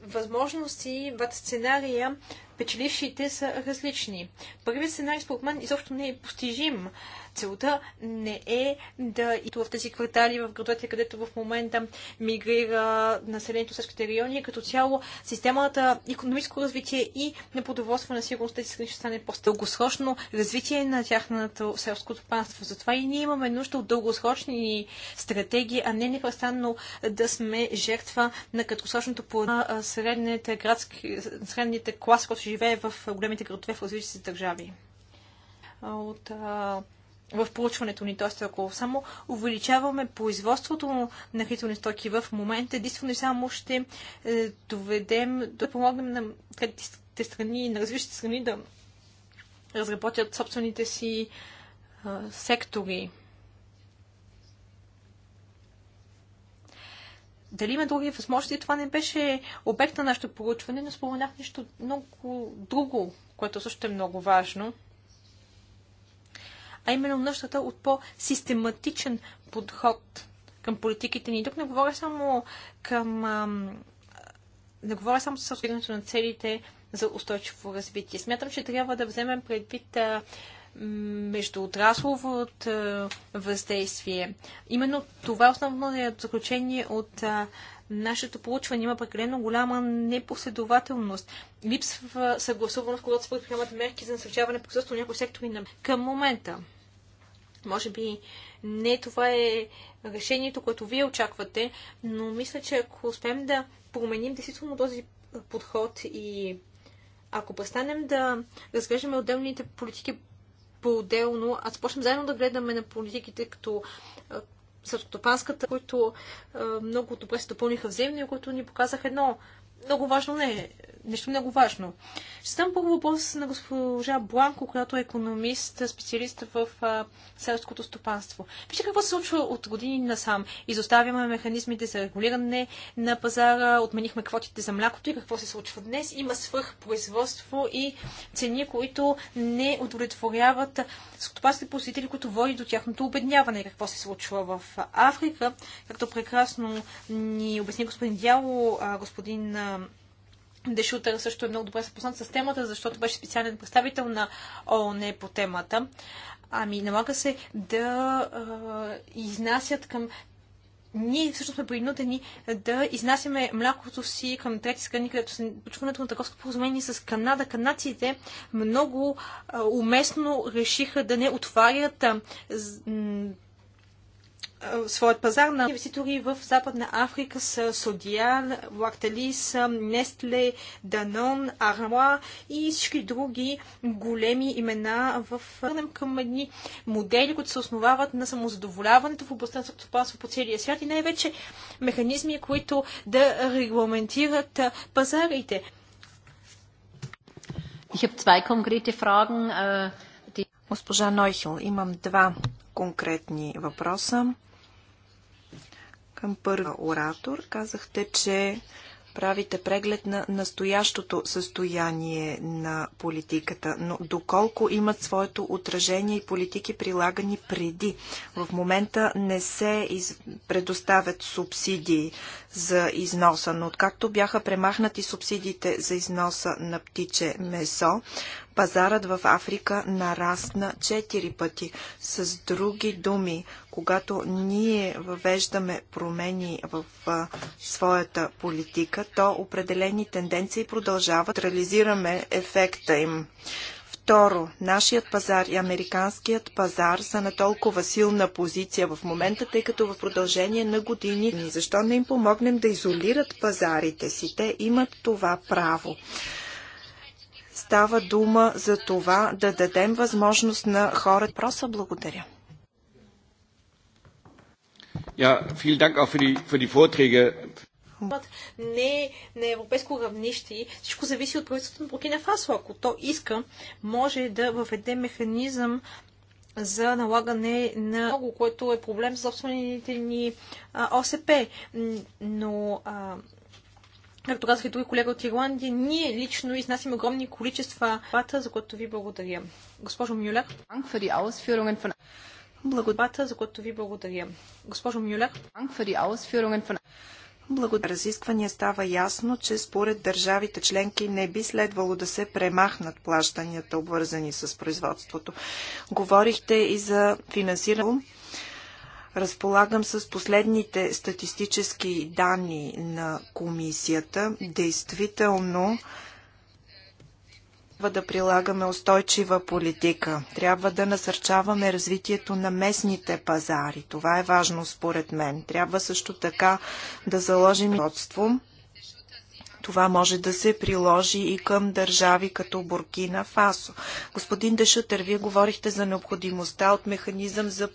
Speaker 2: Възможности, в сценария, печелившите са различни. Първият сценарий, според мен, изобщо не е постижим целта не е да и в тези квартали в градовете, където в момента мигрира населението в същите райони, като цяло системата економическо развитие и на на сигурност тези страни ще стане по-дългосрочно развитие на тяхното селско стопанство. Затова и ние имаме нужда от дългосрочни стратегии, а не непрестанно да сме жертва на краткосрочното по средните, градски, средните клас, който живее в големите градове в развитите държави. От а, в проучването ни, т.е. ако само увеличаваме производството на хранителни стоки в момента, единствено и само ще е, доведем, да помогнем на третите страни, на различните страни да разработят собствените си а, е, сектори. Дали има други възможности? Това не беше обект на нашето проучване, но споменах нещо много друго, което също е много важно – а именно нуждата от по-систематичен подход към политиките ни. Тук не говоря само към. Не говоря само за състоянието на целите за устойчиво развитие. Смятам, че трябва да вземем предвид междуотрасловото въздействие. Именно това е основното заключение от а, нашето получване. Има прекалено голяма непоследователност. Липсва съгласуваност, когато се предприемат мерки за насърчаване по на някои сектори към момента. Може би не това е решението, което вие очаквате, но мисля, че ако успеем да променим действително този подход и ако престанем да разглеждаме отделните политики по-отделно, а започнем заедно да гледаме на политиките като съртопанската, които много добре се допълниха взаимно и които ни показаха едно много важно не, нещо много важно. Ще стам първо въпрос на госпожа Бланко, която е економист, специалист в а, селското стопанство. Вижте какво се случва от години насам. Изоставяме механизмите за регулиране на пазара, отменихме квотите за млякото и какво се случва днес. Има производство и цени, които не удовлетворяват стопанските посетители, които води до тяхното обедняване. Какво се случва в Африка, както прекрасно ни обясни господин Дяло, господин Дешутър също е много добре запознат с темата, защото беше специален представител на ООН по темата. Ами, налага се да а, изнасят към ние всъщност сме принудени да изнасяме млякото си към трети страни, където се почването на търговско поразумение с Канада. Канадците много уместно решиха да не отварят своят пазар на инвеститори в Западна Африка са Содиан, Лактелис, Нестле, Данон, Арла и всички други големи имена в към едни модели, които се основават на самозадоволяването в областта на стопанство по целия свят и най-вече механизми, които да регламентират пазарите. Ich habe zwei konkrete Fragen.
Speaker 1: Äh, Госпожа Нойхил, имам два конкретни въпроса към първия оратор. Казахте, че правите преглед на настоящото състояние на политиката, но доколко имат своето отражение и политики прилагани преди. В момента не се из... предоставят субсидии за износа, но откакто бяха премахнати субсидиите за износа на птиче месо, пазарът в Африка нарасна 4 пъти. С други думи, когато ние въвеждаме промени в своята политика, то определени тенденции продължават. Реализираме ефекта им. Второ, нашият пазар и американският пазар са на толкова силна позиция в момента, тъй като в продължение на години. Защо не им помогнем да изолират пазарите си? Те имат това право става дума за това да дадем възможност на хората. Просто благодаря.
Speaker 4: Ja, vielen Dank auch für die, für die Vorträge.
Speaker 2: Не на европейско равнище. Всичко зависи от правителството на Буркина Фасо. Ако то иска, може да въведе механизъм за налагане на много, което е проблем с собствените ни а, ОСП. Но а, Както казах и други колега от Ирландия, ние лично изнасяме огромни количества вата, за което ви благодаря. Госпожо Мюлер. Благодаря, за което ви благодаря. Госпожо Мюлер. Благодаря. Разисквания става ясно,
Speaker 1: че според държавите членки не би следвало да се премахнат плащанията, обвързани с производството. Говорихте и за финансиране. Разполагам с последните статистически данни на комисията. Действително, трябва да прилагаме устойчива политика. Трябва да насърчаваме развитието на местните пазари. Това е важно според мен. Трябва също така да заложим родство. Това може да се приложи и към държави като Буркина Фасо. Господин Дешатър, вие говорихте за необходимостта от механизъм за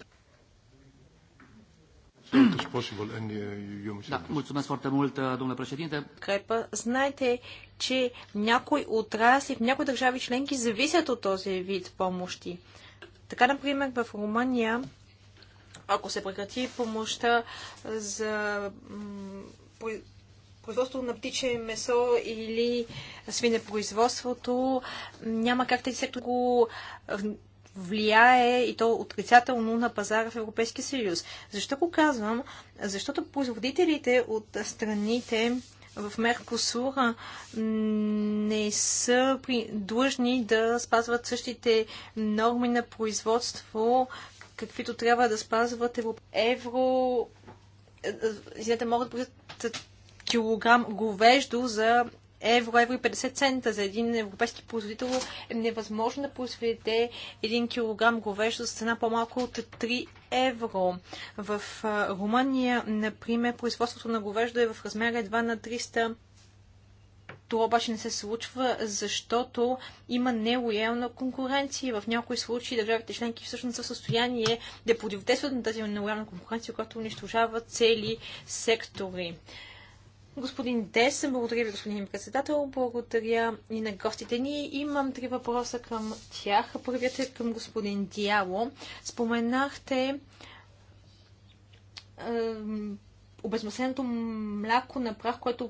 Speaker 2: Uh, да, mulțumesc foarte mult, uh, domnule președinte. Крепа, знаете, че някои отрасли в някои държави членки зависят от този вид помощи. Така, например, в Румъния, ако се прекрати помощта за производство на птиче месо или свинепроизводството, няма как тези сектор го влияе и то отрицателно на пазара в Европейския съюз. Защо го казвам? Защото производителите от страните в Меркосура не са при... длъжни да спазват същите норми на производство, каквито трябва да спазват Европ... евро... Е, е, извинете, могат да килограм говеждо за евро, евро и 50 цента за един европейски производител е невъзможно да произведе 1 килограм говеждо с цена по-малко от 3 евро. В Румъния, например, производството на говеждо е в размер едва на 300 това обаче не се случва, защото има нелоялна конкуренция. В някои случаи държавите членки всъщност са в състояние да противодействат на тази нелоялна конкуренция, която унищожава цели сектори. Господин Дес, благодаря ви, господин председател. Благодаря и на гостите ни. Имам три въпроса към тях. Първият е към господин Дяло. Споменахте е, обезмасленото мляко на прах, което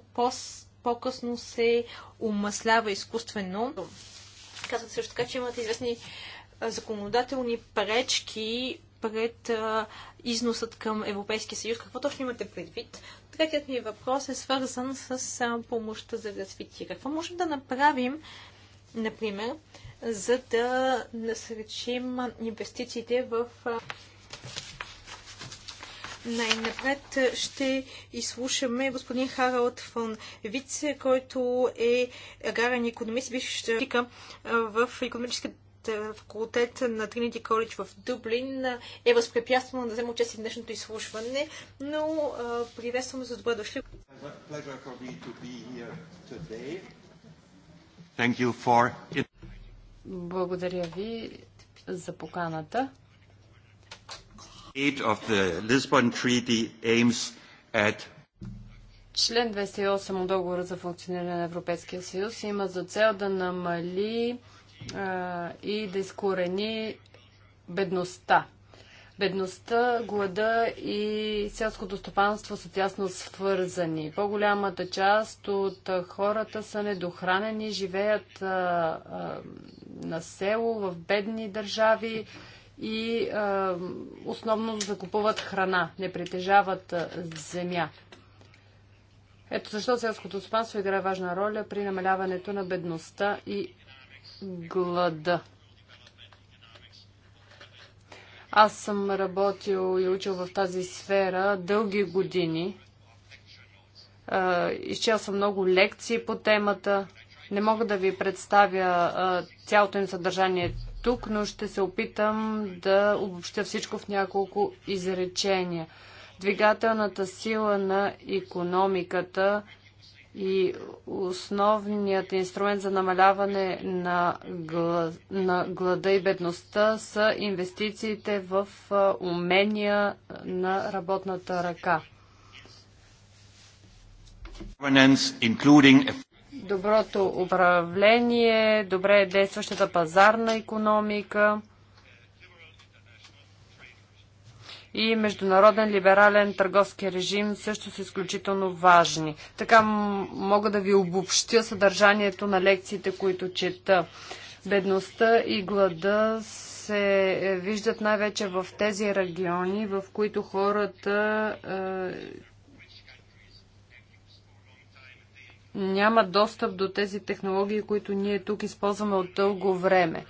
Speaker 2: по-късно се умаслява изкуствено. Казвате също така, че имате известни е, законодателни пречки пред износът към Европейския съюз. Какво точно имате предвид? Третият ми въпрос е свързан с помощта за развитие. Какво можем да направим, например, за да насречим инвестициите в най-напред ще изслушаме господин Харалд фон Вице, който е гарен економист, бивш в економическата факултет е, на Тринити College в Дублин е възпрепятствано да взема участие в днешното изслушване, но приветстваме за добре дошли.
Speaker 3: Благодаря ви за поканата. Член 208 от договора за функциониране на Европейския съюз има за цел да намали и да изкорени бедността. Бедността, глада и селското стопанство са тясно свързани. По-голямата част от хората са недохранени, живеят а, а, на село, в бедни държави и а, основно закупуват храна, не притежават земя. Ето защо селското стопанство играе важна роля при намаляването на бедността и глада. Аз съм работил и учил в тази сфера дълги години. Изчел съм много лекции по темата. Не мога да ви представя цялото им съдържание тук, но ще се опитам да обобщя всичко в няколко изречения. Двигателната сила на економиката – и основният инструмент за намаляване на, гла... на глада и бедността са инвестициите в умения на работната ръка. Доброто управление, добре действащата пазарна економика и международен либерален търговски режим също са изключително важни. Така мога да ви обобщя съдържанието на лекциите, които чета. Бедността и глада се виждат най-вече в тези региони, в които хората е, нямат достъп до тези технологии, които ние тук използваме от дълго време.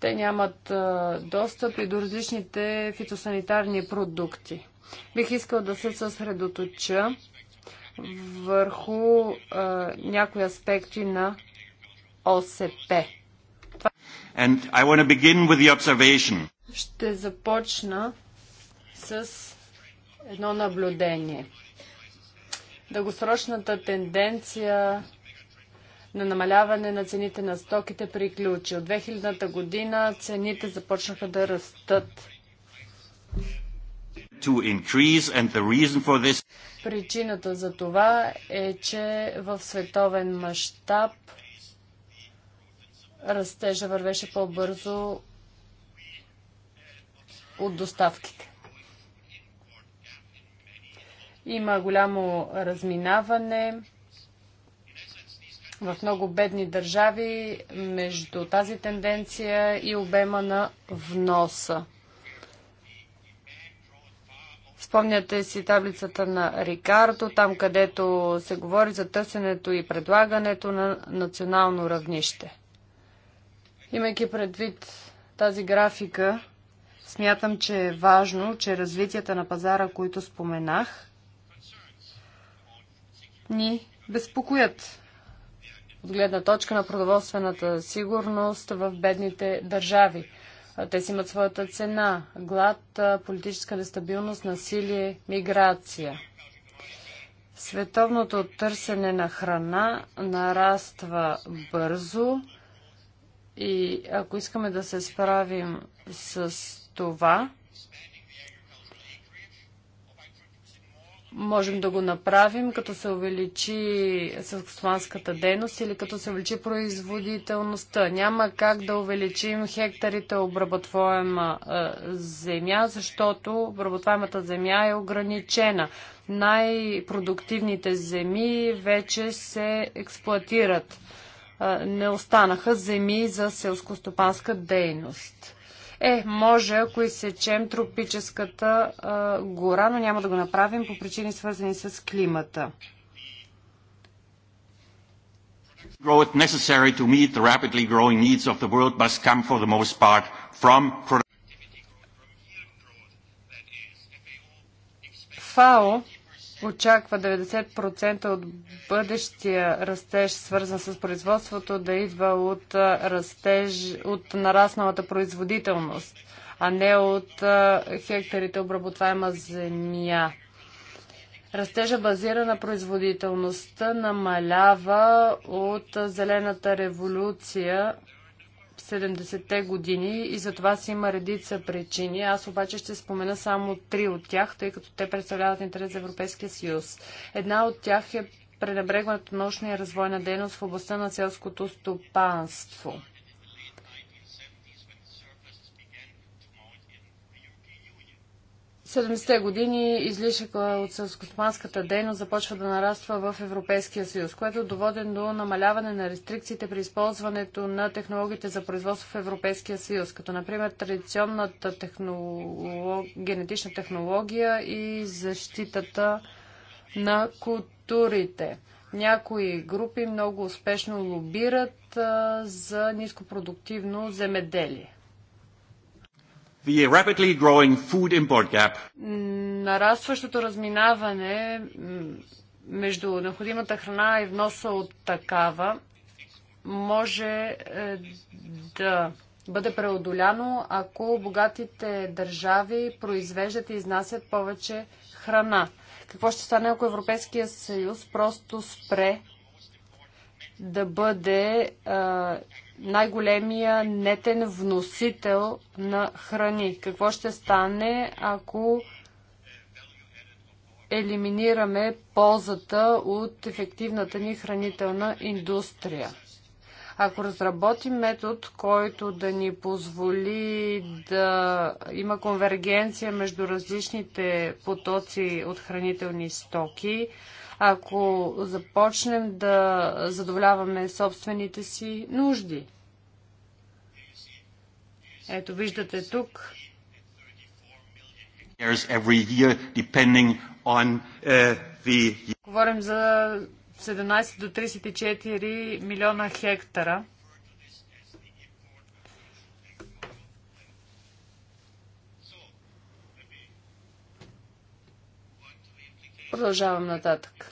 Speaker 3: Те нямат достъп и до различните фитосанитарни продукти. Бих искал да се съсредоточа върху а, някои аспекти на ОСП. Ще започна с едно наблюдение. Дългосрочната тенденция на намаляване на цените на стоките приключи. От 2000-та година цените започнаха да растат.
Speaker 4: This...
Speaker 3: Причината за това е, че в световен мащаб растежа вървеше по-бързо от доставките. Има голямо разминаване в много бедни държави между тази тенденция и обема на вноса. Спомняте си таблицата на Рикардо, там където се говори за търсенето и предлагането на национално равнище. Имайки предвид тази графика, смятам, че е важно, че развитията на пазара, които споменах, ни безпокоят от гледна точка на продоволствената сигурност в бедните държави. Те си имат своята цена – глад, политическа нестабилност, насилие, миграция. Световното търсене на храна нараства бързо и ако искаме да се справим с това, можем да го направим, като се увеличи селскостопанската дейност или като се увеличи производителността. Няма как да увеличим хектарите обработваема земя, защото обработваемата земя е ограничена. Най-продуктивните земи вече се експлуатират. не останаха земи за селскостопанска дейност. Е, може, ако изсечем тропическата а, гора, но няма да го направим по причини свързани с климата. FAO очаква 90% от бъдещия растеж, свързан с производството, да идва от растеж, от нарасналата производителност, а не от хектарите обработваема земя. Растежа базира на производителността намалява от зелената революция 70-те години и за това си има редица причини. Аз обаче ще спомена само три от тях, тъй като те представляват интерес за Европейския съюз. Една от тях е пренебрегването на научния развой на дейност в областта на селското стопанство. 70-те години излишъка от селскостопанската дейност започва да нараства в Европейския съюз, което доводен до намаляване на рестрикциите при използването на технологиите за производство в Европейския съюз, като например традиционната технолог... генетична технология и защитата на културите. Някои групи много успешно лобират а, за нископродуктивно земеделие.
Speaker 4: The rapidly growing food import gap.
Speaker 3: Нарастващото разминаване между необходимата храна и вноса от такава може е, да бъде преодоляно, ако богатите държави произвеждат и изнасят повече храна. Какво ще стане, ако Европейския съюз просто спре да бъде е, най-големия нетен вносител на храни. Какво ще стане, ако елиминираме ползата от ефективната ни хранителна индустрия? Ако разработим метод, който да ни позволи да има конвергенция между различните потоци от хранителни стоки, ако започнем да задоволяваме собствените си нужди. Ето виждате тук.
Speaker 4: Uh,
Speaker 3: Говорим за 17 до 34 милиона хектара. Продължавам нататък.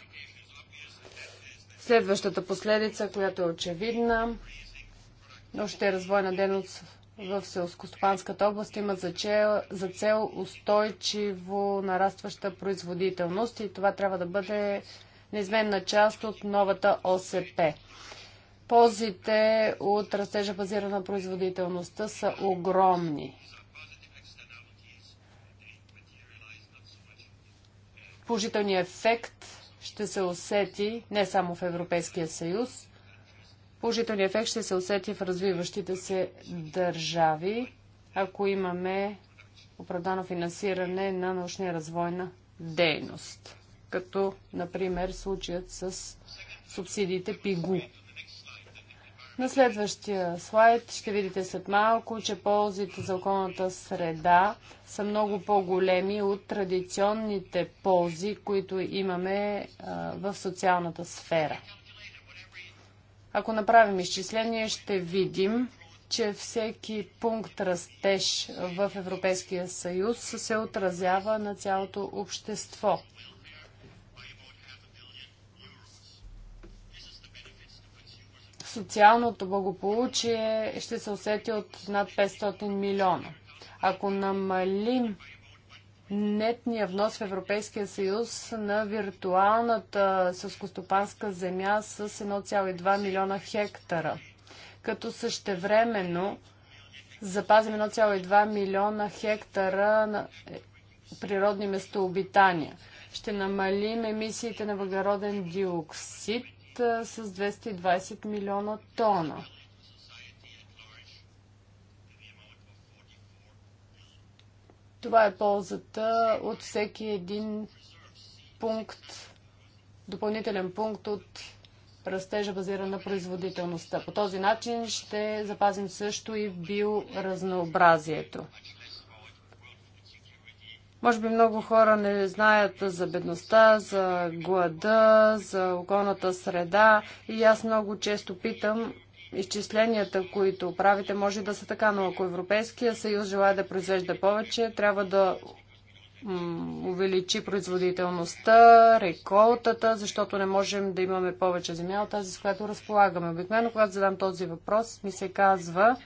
Speaker 3: Следващата последица, която е очевидна, но ще е развойна дейност в селскостопанската област има за цел, за цел устойчиво нарастваща производителност и това трябва да бъде неизменна част от новата ОСП. Ползите от растежа базирана производителността са огромни. Положителният ефект ще се усети не само в Европейския съюз. Положителният ефект ще се усети в развиващите се държави, ако имаме оправдано финансиране на научния и развойна дейност. Като, например, случаят с субсидиите ПИГУ. На следващия слайд ще видите след малко, че ползите за околната среда са много по-големи от традиционните ползи, които имаме в социалната сфера. Ако направим изчисление, ще видим, че всеки пункт растеж в Европейския съюз се отразява на цялото общество. социалното благополучие ще се усети от над 500 милиона. Ако намалим нетния внос в Европейския съюз на виртуалната сълскостопанска земя с 1,2 милиона хектара, като същевременно запазим 1,2 милиона хектара на природни местообитания. Ще намалим емисиите на въглероден диоксид е, с 220 милиона тона. Това е ползата от всеки един пункт, допълнителен пункт от растежа базиран на производителността. По този начин ще запазим също и биоразнообразието. Може би много хора не знаят за бедността, за глада, за околната среда и аз много често питам изчисленията, които правите, може да са така, но ако Европейския съюз желая да произвежда повече, трябва да увеличи производителността, реколтата, защото не можем да имаме повече земя от тази, с която разполагаме. Обикновено, когато задам този въпрос, ми се казва,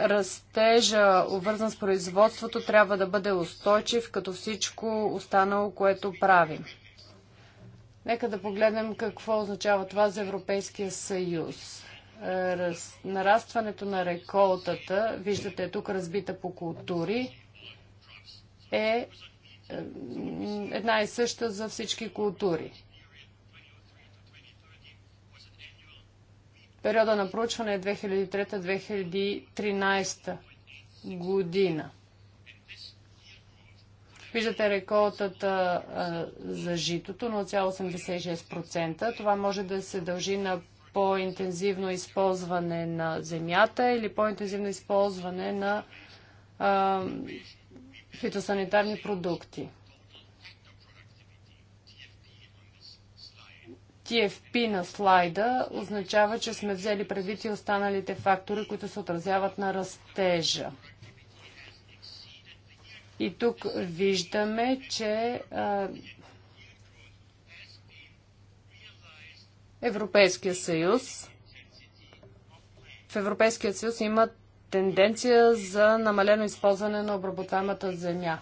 Speaker 3: Растежа, обвързан с производството, трябва да бъде устойчив, като всичко останало, което правим. Нека да погледнем какво означава това за Европейския съюз. Е, нарастването на реколтата, виждате тук разбита по култури, е, е една и съща за всички култури. Периода на проучване е 2003-2013 година. Виждате реколтата за житото 0,86%. Това може да се дължи на по-интензивно използване на земята или по-интензивно използване на фитосанитарни продукти. TFP на слайда означава, че сме взели предвид и останалите фактори, които се отразяват на растежа. И тук виждаме, че Европейския съюз в Европейския съюз има тенденция за намалено използване на обработваемата земя.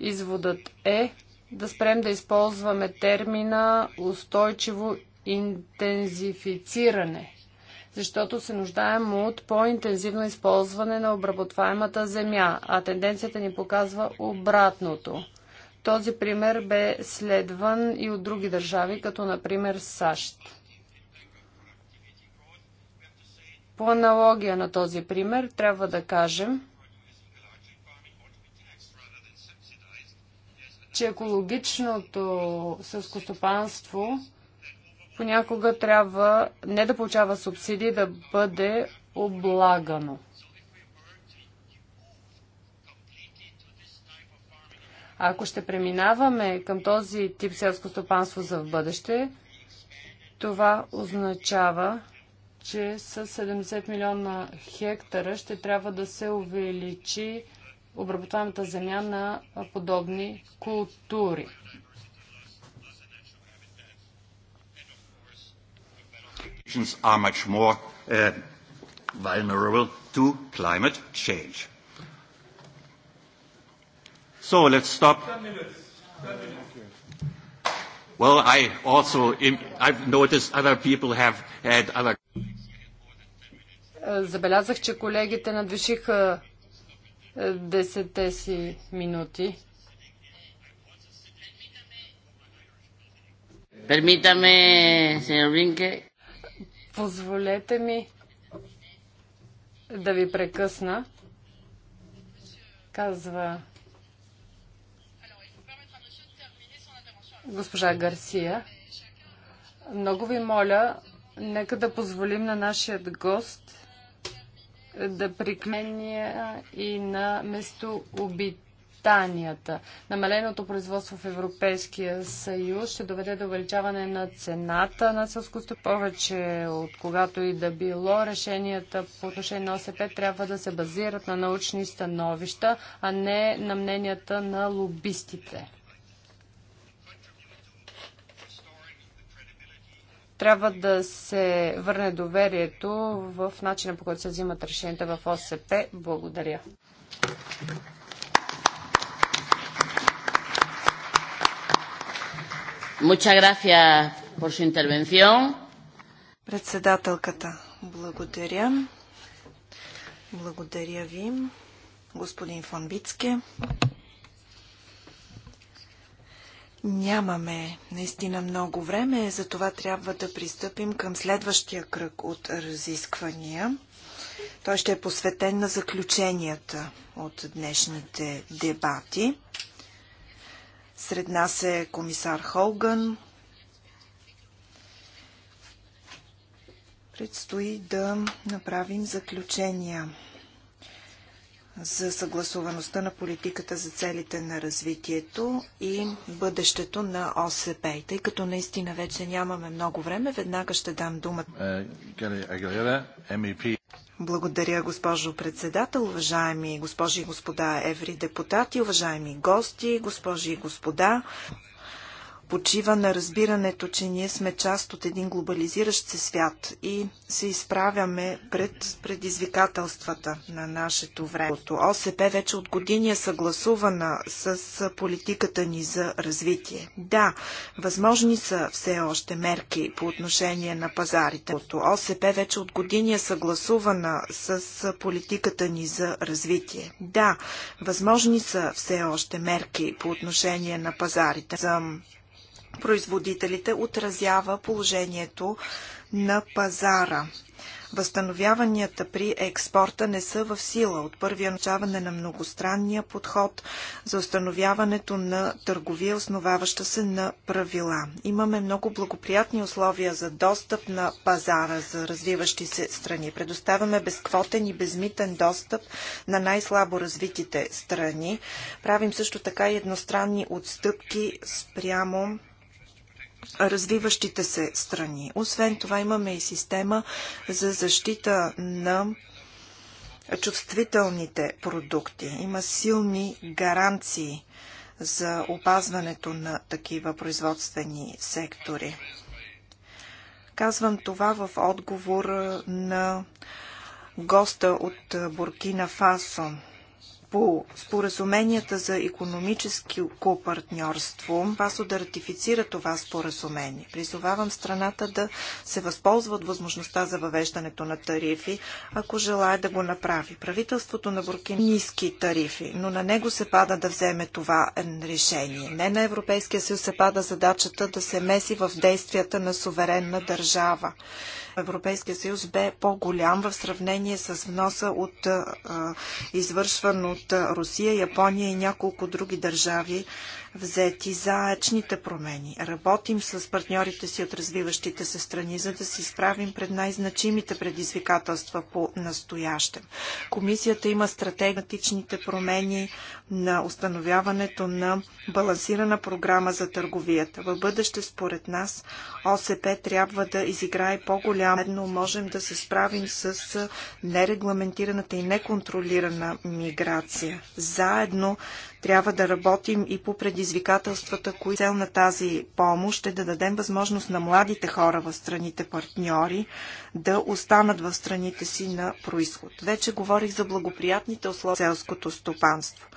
Speaker 3: Изводът е, да спрем да използваме термина устойчиво интензифициране, защото се нуждаем от по-интензивно използване на обработваемата земя, а тенденцията ни показва обратното. Този пример бе следван и от други държави, като например САЩ. По аналогия на този пример трябва да кажем, че екологичното сълскостопанство понякога трябва не да получава субсидии, да бъде облагано. А ако ще преминаваме към този тип селско стопанство за в бъдеще, това означава, че с 70 милиона хектара ще трябва да се увеличи обработваемата земя на подобни култури.
Speaker 4: are much more uh, vulnerable to climate change. So let's stop. Well, I also I've noticed other people have had other.
Speaker 3: Забелязах, че колегите надвишиха десетте си минути. Пермитаме, сеньор Винке. Позволете ми да ви прекъсна. Казва госпожа Гарсия. Много ви моля, нека да позволим на нашия гост да дъбрикмения и на местообитанията. Намаленото производство в Европейския съюз ще доведе до увеличаване на цената на сълското повече от когато и да било. Решенията по отношение на ОСП трябва да се базират на научни становища, а не на мненията на лобистите. трябва да се върне доверието в начина по който се взимат решенията в ОСП. Благодаря.
Speaker 1: Председателката, благодаря. Благодаря ви, господин Фонбицке. Нямаме наистина много време, затова трябва да пристъпим към следващия кръг от разисквания. Той ще е посветен на заключенията от днешните дебати. Сред нас е комисар Холган. Предстои да направим заключения за съгласуваността на политиката за целите на развитието и бъдещето на ОСП. И тъй като наистина вече нямаме много време, веднага ще дам думата. Е, Благодаря, госпожо председател, уважаеми госпожи и господа евридепутати, уважаеми гости, госпожи и господа почива на разбирането, че ние сме част от един глобализиращ се свят и се изправяме пред предизвикателствата на нашето време. ОСП вече от години е съгласувана с политиката ни за развитие. Да, възможни са все още мерки по отношение на пазарите. ОСП вече от години е съгласувана с политиката ни за развитие. Да, възможни са все още мерки по отношение на пазарите. За производителите отразява положението на пазара. Възстановяванията при експорта не са в сила от първия начаване на многостранния подход за установяването на търговия, основаваща се на правила. Имаме много благоприятни условия за достъп на пазара за развиващи се страни. Предоставяме безквотен и безмитен достъп на най-слабо развитите страни. Правим също така и едностранни отстъпки спрямо развиващите се страни. Освен това имаме и система за защита на чувствителните продукти. Има силни гаранции за опазването на такива производствени сектори. Казвам това в отговор на госта от Буркина Фасо по споразуменията за економическо партньорство, ПАСО да ратифицира това споразумение. Призовавам страната да се възползва от възможността за въвеждането на тарифи, ако желая да го направи. Правителството на Буркин ниски тарифи, но на него се пада да вземе това решение. Не на Европейския съюз се пада задачата да се меси в действията на суверенна държава. Европейския съюз бе по-голям в сравнение с вноса от извършван от Русия, Япония и няколко други държави взети заечните промени. Работим с партньорите си от развиващите се страни, за да се изправим пред най-значимите предизвикателства по настоящем. Комисията има стратегичните промени на установяването на балансирана програма за търговията. В бъдеще, според нас, ОСП трябва да изиграе по-голямо. Едно можем да се справим с нерегламентираната и неконтролирана миграция. Заедно трябва да работим и по предизвикателствата, кои цел на тази помощ е да дадем възможност на младите хора в страните партньори да останат в страните си на происход. Вече говорих за благоприятните условия в селското стопанство.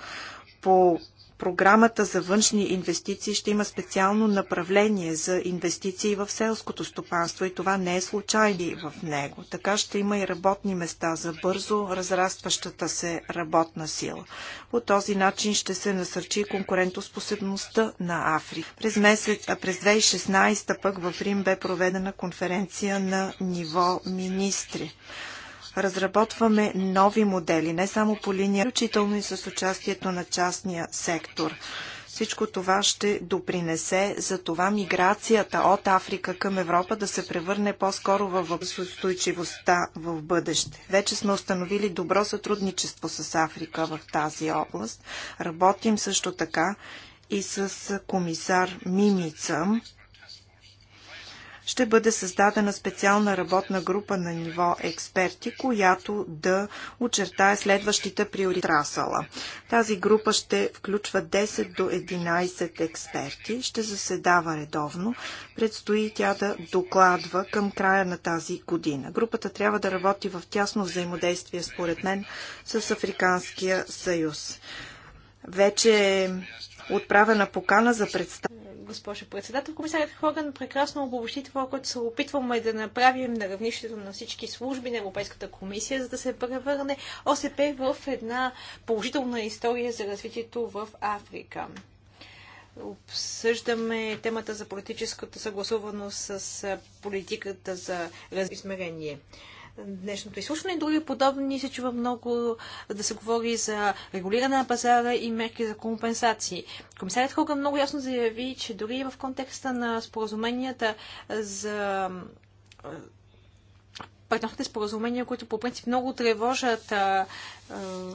Speaker 1: По програмата за външни инвестиции ще има специално направление за инвестиции в селското стопанство и това не е случайно в него. Така ще има и работни места за бързо разрастващата се работна сила. По този начин ще се насърчи конкурентоспособността на Африка. През, месец, а през 2016 пък в Рим бе проведена конференция на ниво министри разработваме нови модели, не само по линия, включително и с участието на частния сектор. Всичко това ще допринесе за това миграцията от Африка към Европа да се превърне по-скоро в устойчивостта в бъдеще. Вече сме установили добро сътрудничество с Африка в тази област. Работим също така и с комисар Мимица ще бъде създадена специална работна група на ниво експерти, която да очертае следващите приоритети. Тази група ще включва 10 до 11 експерти, ще заседава редовно, предстои тя да докладва към края на тази година. Групата трябва да работи в тясно взаимодействие, според мен, с Африканския съюз. Вече е отправена покана за
Speaker 2: представяне госпожо председател. Комисарят Хоган прекрасно обобщи това, което се опитваме да направим на равнището на всички служби на Европейската комисия, за да се превърне ОСП в една положителна история за развитието в Африка. Обсъждаме темата за политическата съгласуваност с политиката за измерение днешното изслушване. Други подобни се чува много да се говори за регулиране на пазара и мерки за компенсации. Комисарят Хога много ясно заяви, че дори в контекста на споразуменията за партньорските споразумения, които по принцип много тревожат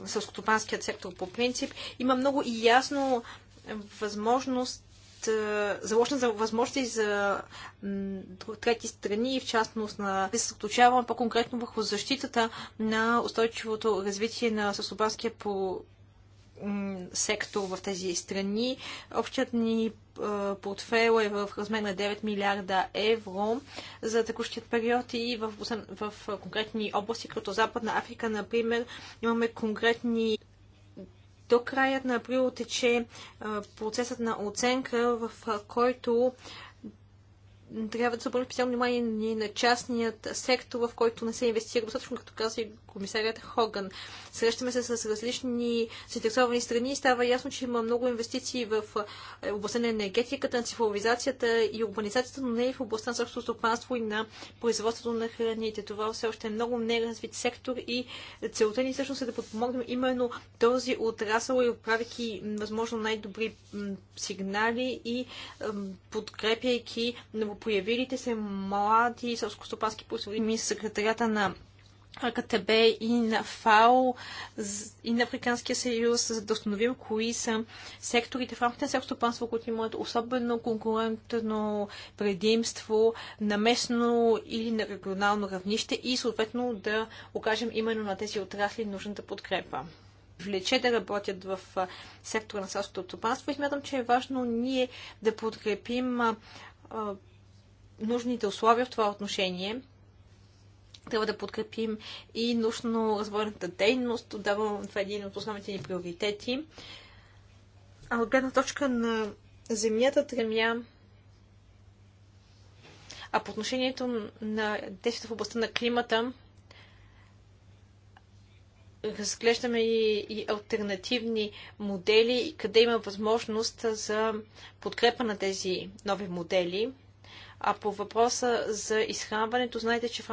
Speaker 2: сълскотопанският сектор по принцип, има много и ясно възможност е, заложена за възможности за трети страни и в частност на да се съсредоточаваме по-конкретно върху защитата на устойчивото развитие на съсобанския по сектор в тези страни. Общият ни е, портфел е в размер на 9 милиарда евро за текущият период и в, в конкретни области, като Западна Африка, например, имаме конкретни до краят на април тече процесът на оценка, в който трябва да се обърне специално внимание и на частният сектор, в който не се инвестира достатъчно, като каза и комисарят Хоган. Срещаме се с различни заинтересовани страни и става ясно, че има много инвестиции в е, областта на енергетиката, на цифровизацията и урбанизацията, но не и в областта на собственото стопанство и на производството на храните. Това все още е много неразвит сектор и целта ни всъщност е да подпомогнем именно този отрасъл и отправяйки възможно най-добри сигнали и подкрепяйки на новопоявилите се млади селскостопански производители с секретарята на КТБ и на ФАО и на Африканския съюз, за да установим кои са секторите в рамките на селскостопанство, които имат особено конкурентно предимство на местно или на регионално равнище и съответно да окажем именно на тези отрасли нужната подкрепа влече да работят в сектора на селското стопанство и смятам, че е важно ние да подкрепим нужните условия в това отношение. Трябва да подкрепим и нужно развойната дейност. Отдавам това е един от основните ни приоритети. А от гледна точка на земята тремя а по отношението на действията в областта на климата, разглеждаме и, и альтернативни модели, къде има възможност за подкрепа на тези нови модели. А по въпроса за изхранването, знаете, че в